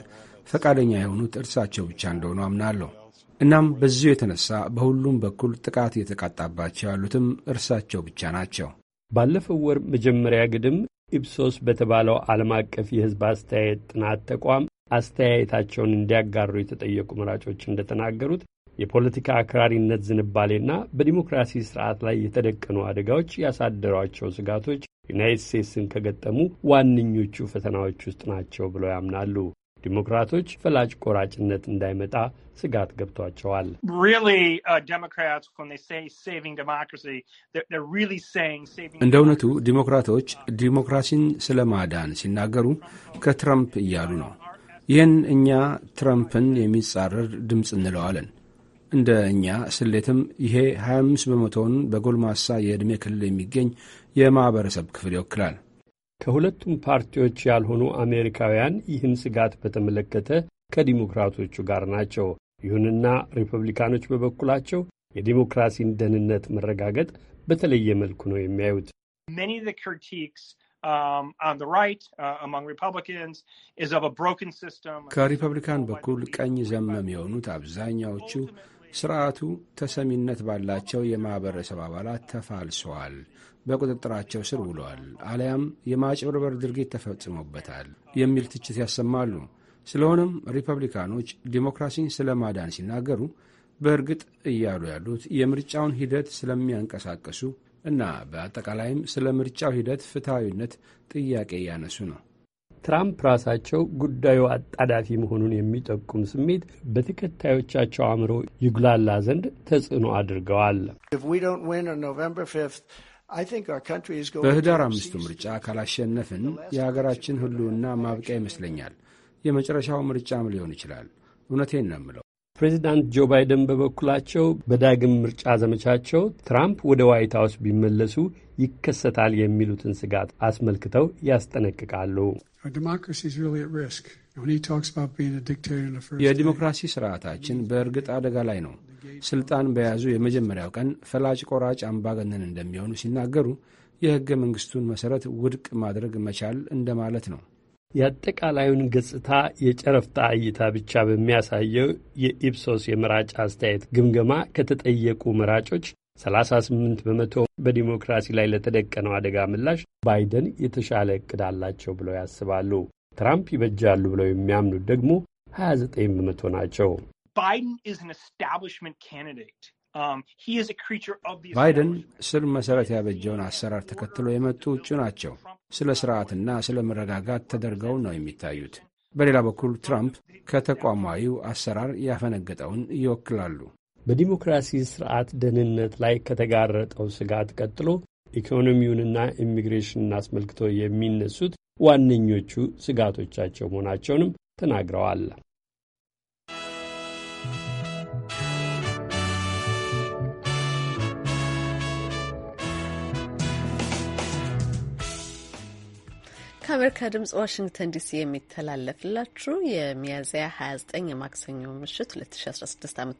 ፈቃደኛ የሆኑት እርሳቸው ብቻ እንደሆኑ አምናለሁ። እናም በዚሁ የተነሳ በሁሉም በኩል ጥቃት እየተቃጣባቸው ያሉትም እርሳቸው ብቻ ናቸው። ባለፈው ወር መጀመሪያ ግድም ኢፕሶስ በተባለው ዓለም አቀፍ የሕዝብ አስተያየት ጥናት ተቋም አስተያየታቸውን እንዲያጋሩ የተጠየቁ መራጮች እንደተናገሩት የፖለቲካ አክራሪነት ዝንባሌና በዲሞክራሲ ስርዓት ላይ የተደቀኑ አደጋዎች ያሳደሯቸው ስጋቶች ዩናይት ስቴትስን ከገጠሙ ዋነኞቹ ፈተናዎች ውስጥ ናቸው ብለው ያምናሉ። ዲሞክራቶች ፈላጭ ቆራጭነት እንዳይመጣ ስጋት ገብቷቸዋል። uh, እንደ እውነቱ ዲሞክራቶች ዲሞክራሲን ስለ ማዳን ሲናገሩ ከትረምፕ እያሉ ነው። ይህን እኛ ትረምፕን የሚጻረር ድምፅ እንለዋለን። እንደ እኛ ስሌትም ይሄ 25 በመቶውን በጎልማሳ የዕድሜ ክልል የሚገኝ የማኅበረሰብ ክፍል ይወክላል። ከሁለቱም ፓርቲዎች ያልሆኑ አሜሪካውያን ይህን ስጋት በተመለከተ ከዲሞክራቶቹ ጋር ናቸው። ይሁንና ሪፐብሊካኖች በበኩላቸው የዲሞክራሲን ደህንነት መረጋገጥ በተለየ መልኩ ነው የሚያዩት። um, uh, ከሪፐብሊካን በኩል ቀኝ ዘመም የሆኑት አብዛኛዎቹ ስርዓቱ ተሰሚነት ባላቸው የማኅበረሰብ አባላት ተፋልሰዋል በቁጥጥራቸው ስር ውለዋል አሊያም የማጭበርበር ድርጊት ተፈጽሞበታል የሚል ትችት ያሰማሉ። ስለሆነም ሪፐብሊካኖች ዲሞክራሲን ስለ ማዳን ሲናገሩ በእርግጥ እያሉ ያሉት የምርጫውን ሂደት ስለሚያንቀሳቀሱ እና በአጠቃላይም ስለ ምርጫው ሂደት ፍትሐዊነት ጥያቄ እያነሱ ነው። ትራምፕ ራሳቸው ጉዳዩ አጣዳፊ መሆኑን የሚጠቁም ስሜት በተከታዮቻቸው አእምሮ ይጉላላ ዘንድ ተጽዕኖ አድርገዋል። በህዳር አምስቱ ምርጫ ካላሸነፍን የሀገራችን ህልውና ማብቂያ ይመስለኛል። የመጨረሻው ምርጫም ሊሆን ይችላል። እውነቴን ነው የምለው። ፕሬዚዳንት ጆ ባይደን በበኩላቸው በዳግም ምርጫ ዘመቻቸው ትራምፕ ወደ ዋይት ሀውስ ቢመለሱ ይከሰታል የሚሉትን ስጋት አስመልክተው ያስጠነቅቃሉ። የዲሞክራሲ ስርዓታችን በእርግጥ አደጋ ላይ ነው። ስልጣን በያዙ የመጀመሪያው ቀን ፈላጭ ቆራጭ አምባገነን እንደሚሆኑ ሲናገሩ የህገ መንግስቱን መሠረት ውድቅ ማድረግ መቻል እንደማለት ነው። የአጠቃላዩን ገጽታ የጨረፍታ እይታ ብቻ በሚያሳየው የኢፕሶስ የመራጭ አስተያየት ግምገማ ከተጠየቁ መራጮች 38 በመቶ በዲሞክራሲ ላይ ለተደቀነው አደጋ ምላሽ ባይደን የተሻለ እቅድ አላቸው ብለው ያስባሉ። ትራምፕ ይበጃሉ ብለው የሚያምኑት ደግሞ 29 በመቶ ናቸው። ባይደን um, ስር መሰረት ያበጀውን አሰራር ተከትሎ የመጡ እጩ ናቸው። ስለ ስርዓትና ስለ መረጋጋት ተደርገው ነው የሚታዩት። በሌላ በኩል ትራምፕ ከተቋማዊው አሰራር ያፈነገጠውን ይወክላሉ። በዲሞክራሲ ስርዓት ደህንነት ላይ ከተጋረጠው ስጋት ቀጥሎ ኢኮኖሚውንና ኢሚግሬሽንን አስመልክቶ የሚነሱት ዋነኞቹ ስጋቶቻቸው መሆናቸውንም ተናግረዋል። ከአሜሪካ ድምጽ ዋሽንግተን ዲሲ የሚተላለፍላችሁ የሚያዝያ 29 የማክሰኞ ምሽት 2016 ዓ ም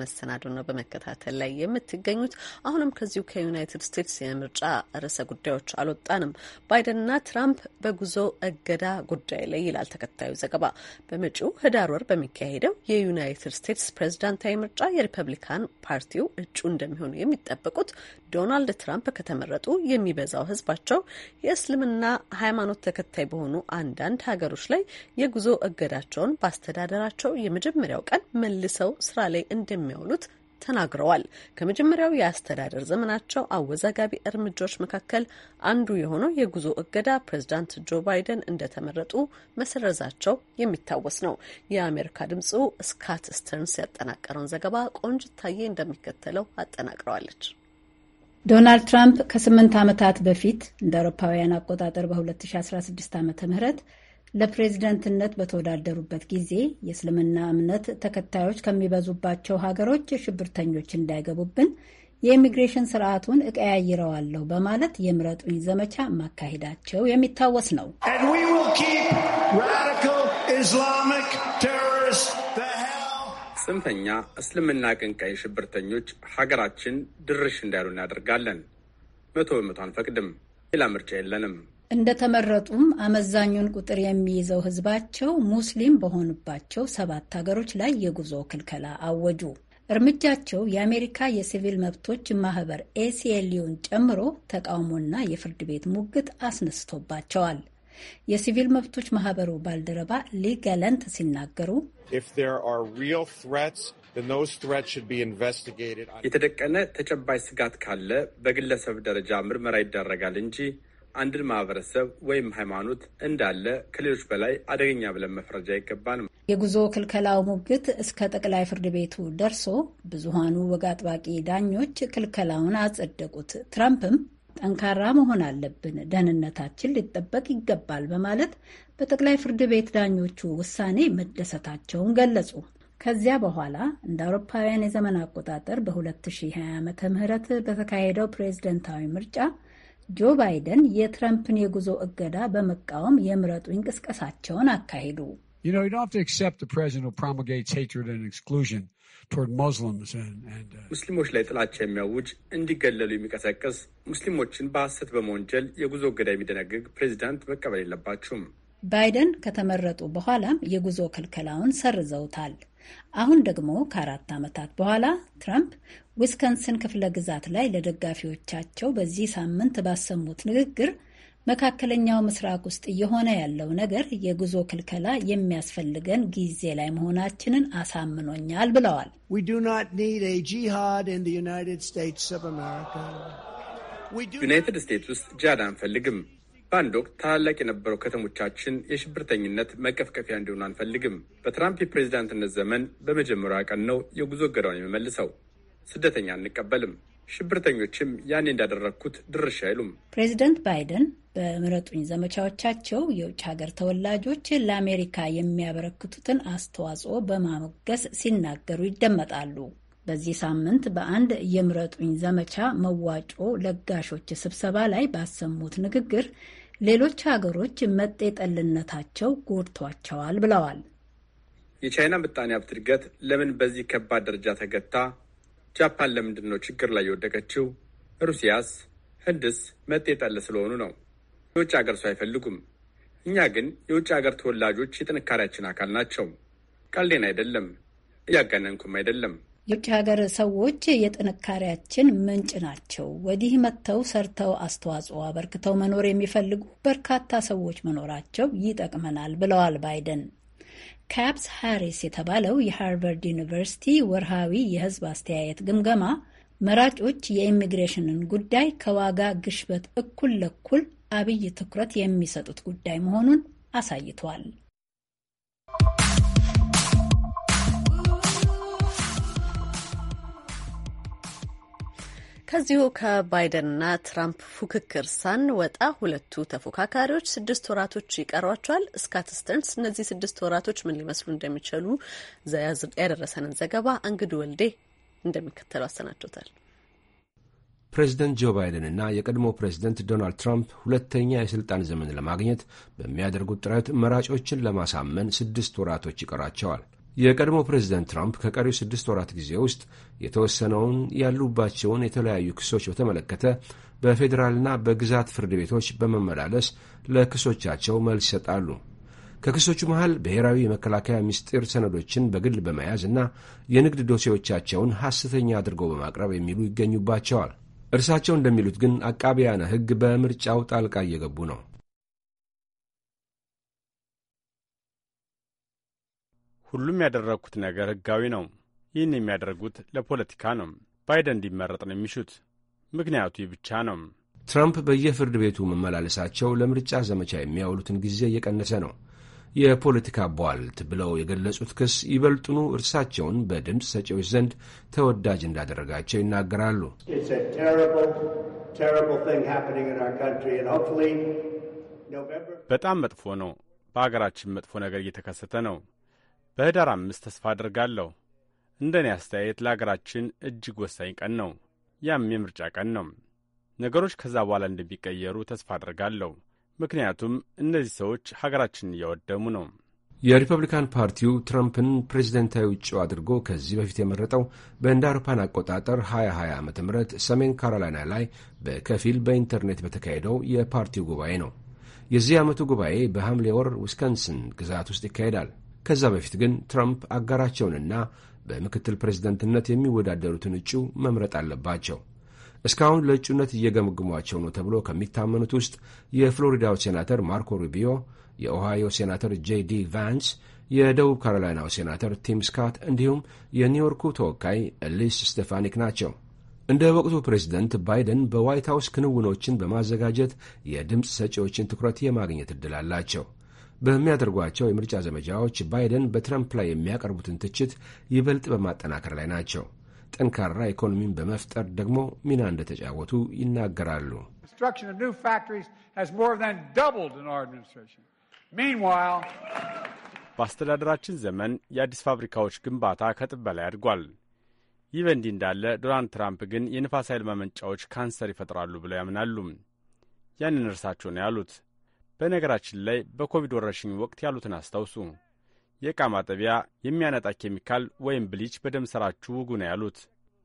መሰናዶ ነው በመከታተል ላይ የምትገኙት። አሁንም ከዚሁ ከዩናይትድ ስቴትስ የምርጫ ርዕሰ ጉዳዮች አልወጣንም። ባይደንና ትራምፕ በጉዞ እገዳ ጉዳይ ላይ ይላል ተከታዩ ዘገባ። በመጪው ህዳር ወር በሚካሄደው የዩናይትድ ስቴትስ ፕሬዚዳንታዊ ምርጫ የሪፐብሊካን ፓርቲው እጩ እንደሚሆኑ የሚጠበቁት ዶናልድ ትራምፕ ከተመረጡ የሚበዛው ህዝባቸው የእስልምና ሃይማኖት ሃይማኖት ተከታይ በሆኑ አንዳንድ ሀገሮች ላይ የጉዞ እገዳቸውን በአስተዳደራቸው የመጀመሪያው ቀን መልሰው ስራ ላይ እንደሚያውሉት ተናግረዋል። ከመጀመሪያው የአስተዳደር ዘመናቸው አወዛጋቢ እርምጃዎች መካከል አንዱ የሆነው የጉዞ እገዳ ፕሬዚዳንት ጆ ባይደን እንደተመረጡ መሰረዛቸው የሚታወስ ነው። የአሜሪካ ድምፁ ስካት ስተርንስ ያጠናቀረውን ዘገባ ቆንጅታዬ እንደሚከተለው አጠናቅረዋለች። ዶናልድ ትራምፕ ከስምንት ዓመታት በፊት እንደ አውሮፓውያን አቆጣጠር በ2016 ዓ ም ለፕሬዚደንትነት በተወዳደሩበት ጊዜ የእስልምና እምነት ተከታዮች ከሚበዙባቸው ሀገሮች ሽብርተኞች እንዳይገቡብን የኢሚግሬሽን ስርዓቱን እቀያይረዋለሁ በማለት የምረጡኝ ዘመቻ ማካሄዳቸው የሚታወስ ነው። ጽንፈኛ እስልምና አቀንቃይ ሽብርተኞች ሀገራችን ድርሽ እንዳይሉ እናደርጋለን። መቶ በመቶ አንፈቅድም። ሌላ ምርጫ የለንም። እንደተመረጡም አመዛኙን ቁጥር የሚይዘው ህዝባቸው ሙስሊም በሆኑባቸው ሰባት ሀገሮች ላይ የጉዞ ክልከላ አወጁ። እርምጃቸው የአሜሪካ የሲቪል መብቶች ማህበር ኤሲኤልዩን ጨምሮ ተቃውሞና የፍርድ ቤት ሙግት አስነስቶባቸዋል። የሲቪል መብቶች ማህበሩ ባልደረባ ሊገለንት ሲናገሩ የተደቀነ ተጨባጭ ስጋት ካለ በግለሰብ ደረጃ ምርመራ ይደረጋል እንጂ አንድን ማህበረሰብ ወይም ሃይማኖት እንዳለ ከሌሎች በላይ አደገኛ ብለን መፍረጃ አይገባንም። የጉዞ ክልከላው ሙግት እስከ ጠቅላይ ፍርድ ቤቱ ደርሶ ብዙሃኑ ወግ አጥባቂ ዳኞች ክልከላውን አጸደቁት። ትራምፕም ጠንካራ መሆን አለብን፣ ደህንነታችን ሊጠበቅ ይገባል በማለት በጠቅላይ ፍርድ ቤት ዳኞቹ ውሳኔ መደሰታቸውን ገለጹ። ከዚያ በኋላ እንደ አውሮፓውያን የዘመን አቆጣጠር በ2020 ዓ ም በተካሄደው ፕሬዝደንታዊ ምርጫ ጆ ባይደን የትረምፕን የጉዞ እገዳ በመቃወም የምረጡ እንቅስቀሳቸውን አካሄዱ። Uh, ሙስሊሞች ላይ ጥላቻ የሚያውጅ እንዲገለሉ የሚቀሰቅስ ሙስሊሞችን በሐሰት በመወንጀል የጉዞ እገዳ የሚደነግግ ፕሬዚዳንት መቀበል የለባቸውም። ባይደን ከተመረጡ በኋላም የጉዞ ክልከላውን ሰርዘውታል። አሁን ደግሞ ከአራት ዓመታት በኋላ ትራምፕ ዊስከንስን ክፍለ ግዛት ላይ ለደጋፊዎቻቸው በዚህ ሳምንት ባሰሙት ንግግር መካከለኛው ምስራቅ ውስጥ እየሆነ ያለው ነገር የጉዞ ክልከላ የሚያስፈልገን ጊዜ ላይ መሆናችንን አሳምኖኛል ብለዋል። ዩናይትድ ስቴትስ ውስጥ ጂሃድ አንፈልግም። በአንድ ወቅት ታላላቅ የነበረው ከተሞቻችን የሽብርተኝነት መቀፍቀፊያ እንዲሆኑ አንፈልግም። በትራምፕ የፕሬዚዳንትነት ዘመን በመጀመሪያ ቀን ነው የጉዞ እገዳውን የሚመልሰው። ስደተኛ አንቀበልም። ሽብርተኞችም ያኔ እንዳደረግኩት ድርሻ አይሉም። ፕሬዚደንት ባይደን በምረጡኝ ዘመቻዎቻቸው የውጭ ሀገር ተወላጆች ለአሜሪካ የሚያበረክቱትን አስተዋጽኦ በማሞገስ ሲናገሩ ይደመጣሉ። በዚህ ሳምንት በአንድ የምረጡኝ ዘመቻ መዋጮ ለጋሾች ስብሰባ ላይ ባሰሙት ንግግር ሌሎች ሀገሮች መጤጠልነታቸው ጎድቷቸዋል ብለዋል። የቻይና ምጣኔ ሀብት እድገት ለምን በዚህ ከባድ ደረጃ ተገታ? ጃፓን ለምንድን ነው ችግር ላይ የወደቀችው? ሩሲያስ? ህንድስ መጤጠል ስለሆኑ ነው። የውጭ ሀገር ሰው አይፈልጉም። እኛ ግን የውጭ ሀገር ተወላጆች የጥንካሬያችን አካል ናቸው። ቀልዴን አይደለም፣ እያጋነንኩም አይደለም። የውጭ ሀገር ሰዎች የጥንካሬያችን ምንጭ ናቸው። ወዲህ መጥተው ሰርተው አስተዋጽኦ አበርክተው መኖር የሚፈልጉ በርካታ ሰዎች መኖራቸው ይጠቅመናል ብለዋል ባይደን። ካፕስ ሃሪስ የተባለው የሃርቨርድ ዩኒቨርሲቲ ወርሃዊ የህዝብ አስተያየት ግምገማ መራጮች የኢሚግሬሽንን ጉዳይ ከዋጋ ግሽበት እኩል ለኩል አብይ ትኩረት የሚሰጡት ጉዳይ መሆኑን አሳይቷል። ከዚሁ ከባይደንና ትራምፕ ፉክክር ሳን ወጣ ሁለቱ ተፎካካሪዎች ስድስት ወራቶች ይቀሯቸዋል። ስካት ስተርንስ እነዚህ ስድስት ወራቶች ምን ሊመስሉ እንደሚችሉ ያደረሰንን ዘገባ እንግዱ ወልዴ እንደሚከተለው አሰናድቶታል። ፕሬዚደንት ጆ ባይደን እና የቀድሞ ፕሬዚደንት ዶናልድ ትራምፕ ሁለተኛ የሥልጣን ዘመን ለማግኘት በሚያደርጉት ጥረት መራጮችን ለማሳመን ስድስት ወራቶች ይቀራቸዋል። የቀድሞ ፕሬዚደንት ትራምፕ ከቀሪው ስድስት ወራት ጊዜ ውስጥ የተወሰነውን ያሉባቸውን የተለያዩ ክሶች በተመለከተ በፌዴራልና በግዛት ፍርድ ቤቶች በመመላለስ ለክሶቻቸው መልስ ይሰጣሉ። ከክሶቹ መሃል ብሔራዊ የመከላከያ ምስጢር ሰነዶችን በግል በመያዝ እና የንግድ ዶሴዎቻቸውን ሐሰተኛ አድርገው በማቅረብ የሚሉ ይገኙባቸዋል። እርሳቸው እንደሚሉት ግን አቃቢያነ ሕግ በምርጫው ጣልቃ እየገቡ ነው። ሁሉም ያደረግኩት ነገር ሕጋዊ ነው። ይህን የሚያደርጉት ለፖለቲካ ነው። ባይደን እንዲመረጥ ነው የሚሹት። ምክንያቱ ይህ ብቻ ነው። ትራምፕ በየፍርድ ቤቱ መመላለሳቸው ለምርጫ ዘመቻ የሚያውሉትን ጊዜ እየቀነሰ ነው። የፖለቲካ ቧልት ብለው የገለጹት ክስ ይበልጥኑ እርሳቸውን በድምፅ ሰጪዎች ዘንድ ተወዳጅ እንዳደረጋቸው ይናገራሉ። በጣም መጥፎ ነው። በአገራችን መጥፎ ነገር እየተከሰተ ነው። በህዳር አምስት ተስፋ አድርጋለሁ። እንደ እኔ አስተያየት ለአገራችን እጅግ ወሳኝ ቀን ነው። ያም የምርጫ ቀን ነው። ነገሮች ከዛ በኋላ እንደሚቀየሩ ተስፋ አድርጋለሁ። ምክንያቱም እነዚህ ሰዎች ሀገራችንን እያወደሙ ነው። የሪፐብሊካን ፓርቲው ትራምፕን ፕሬዚደንታዊ እጩ አድርጎ ከዚህ በፊት የመረጠው በእንደ አውሮፓን አቆጣጠር 2020 ዓ ም ሰሜን ካሮላይና ላይ በከፊል በኢንተርኔት በተካሄደው የፓርቲው ጉባኤ ነው። የዚህ ዓመቱ ጉባኤ በሐምሌ ወር ዊስከንስን ግዛት ውስጥ ይካሄዳል። ከዛ በፊት ግን ትራምፕ አጋራቸውንና በምክትል ፕሬዝደንትነት የሚወዳደሩትን እጩ መምረጥ አለባቸው። እስካሁን ለእጩነት እየገመገሟቸው ነው ተብሎ ከሚታመኑት ውስጥ የፍሎሪዳው ሴናተር ማርኮ ሩቢዮ፣ የኦሃዮ ሴናተር ጄ ዲ ቫንስ፣ የደቡብ ካሮላይናው ሴናተር ቲም ስካት እንዲሁም የኒውዮርኩ ተወካይ ሊስ ስቴፋኒክ ናቸው። እንደ ወቅቱ ፕሬዝደንት ባይደን በዋይት ሀውስ ክንውኖችን በማዘጋጀት የድምፅ ሰጪዎችን ትኩረት የማግኘት ዕድል አላቸው። በሚያደርጓቸው የምርጫ ዘመቻዎች ባይደን በትረምፕ ላይ የሚያቀርቡትን ትችት ይበልጥ በማጠናከር ላይ ናቸው። ጠንካራ ኢኮኖሚን በመፍጠር ደግሞ ሚና እንደተጫወቱ ይናገራሉ። በአስተዳደራችን ዘመን የአዲስ ፋብሪካዎች ግንባታ ከጥብ በላይ አድጓል። ይህ በእንዲህ እንዳለ ዶናልድ ትራምፕ ግን የንፋስ ኃይል ማመንጫዎች ካንሰር ይፈጥራሉ ብለው ያምናሉ። ያንን እርሳቸው ነው ያሉት። በነገራችን ላይ በኮቪድ ወረርሽኝ ወቅት ያሉትን አስታውሱ። የእቃ ማጠቢያ የሚያነጣ ኬሚካል ወይም ብሊች በደም ስራችሁ ውጉ ነው ያሉት።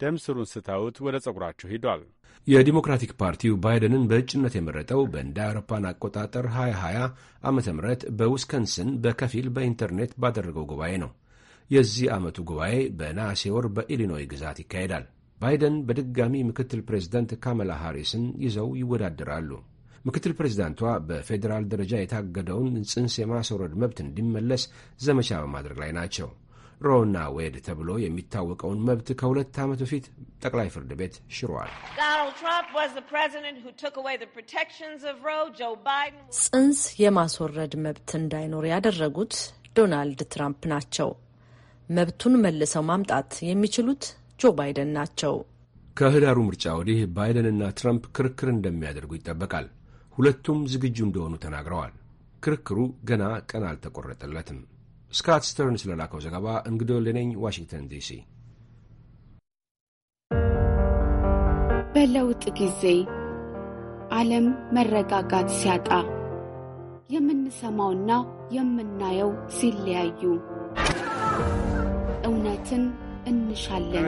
ደም ስሩን ስተውት ወደ ጸጉራችሁ ሂዷል። የዲሞክራቲክ ፓርቲው ባይደንን በእጭነት የመረጠው በእንደ አውሮፓን አቆጣጠር 2020 ዓ ም በዊስከንስን በከፊል በኢንተርኔት ባደረገው ጉባኤ ነው። የዚህ ዓመቱ ጉባኤ በነሐሴ ወር በኢሊኖይ ግዛት ይካሄዳል። ባይደን በድጋሚ ምክትል ፕሬዝደንት ካመላ ሃሪስን ይዘው ይወዳደራሉ። ምክትል ፕሬዚዳንቷ በፌዴራል ደረጃ የታገደውን ጽንስ የማስወረድ መብት እንዲመለስ ዘመቻ በማድረግ ላይ ናቸው። ሮና ዌድ ተብሎ የሚታወቀውን መብት ከሁለት ዓመት በፊት ጠቅላይ ፍርድ ቤት ሽሯል። ጽንስ የማስወረድ መብት እንዳይኖር ያደረጉት ዶናልድ ትራምፕ ናቸው። መብቱን መልሰው ማምጣት የሚችሉት ጆ ባይደን ናቸው። ከህዳሩ ምርጫ ወዲህ ባይደንና ትራምፕ ክርክር እንደሚያደርጉ ይጠበቃል። ሁለቱም ዝግጁ እንደሆኑ ተናግረዋል። ክርክሩ ገና ቀን አልተቆረጠለትም። ስካት ስተርንስ ለላከው ዘገባ እንግዶ ልነኝ ዋሽንግተን ዲሲ። በለውጥ ጊዜ ዓለም መረጋጋት ሲያጣ የምንሰማውና የምናየው ሲለያዩ እውነትን እንሻለን።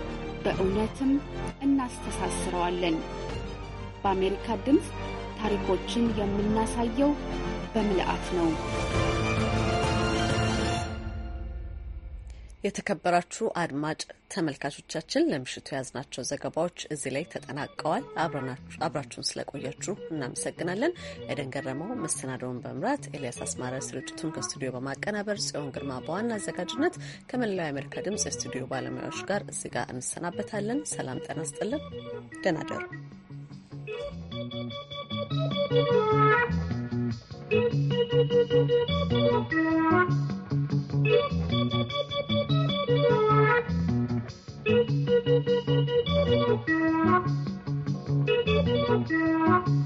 በእውነትም እናስተሳስረዋለን። በአሜሪካ ድምፅ ታሪኮችን የምናሳየው በምልአት ነው። የተከበራችሁ አድማጭ ተመልካቾቻችን ለምሽቱ የያዝናቸው ዘገባዎች እዚህ ላይ ተጠናቀዋል። አብራችሁን ስለቆያችሁ እናመሰግናለን። ኤደን ገረመው መሰናደውን በመምራት ኤልያስ አስማረ ስርጭቱን ከስቱዲዮ በማቀናበር ጽዮን ግርማ በዋና አዘጋጅነት ከመላው የአሜሪካ ድምጽ የስቱዲዮ ባለሙያዎች ጋር እዚህ ጋር እንሰናበታለን። ሰላም ጤና ይስጥልን። ደህና ደሩ። Thank you.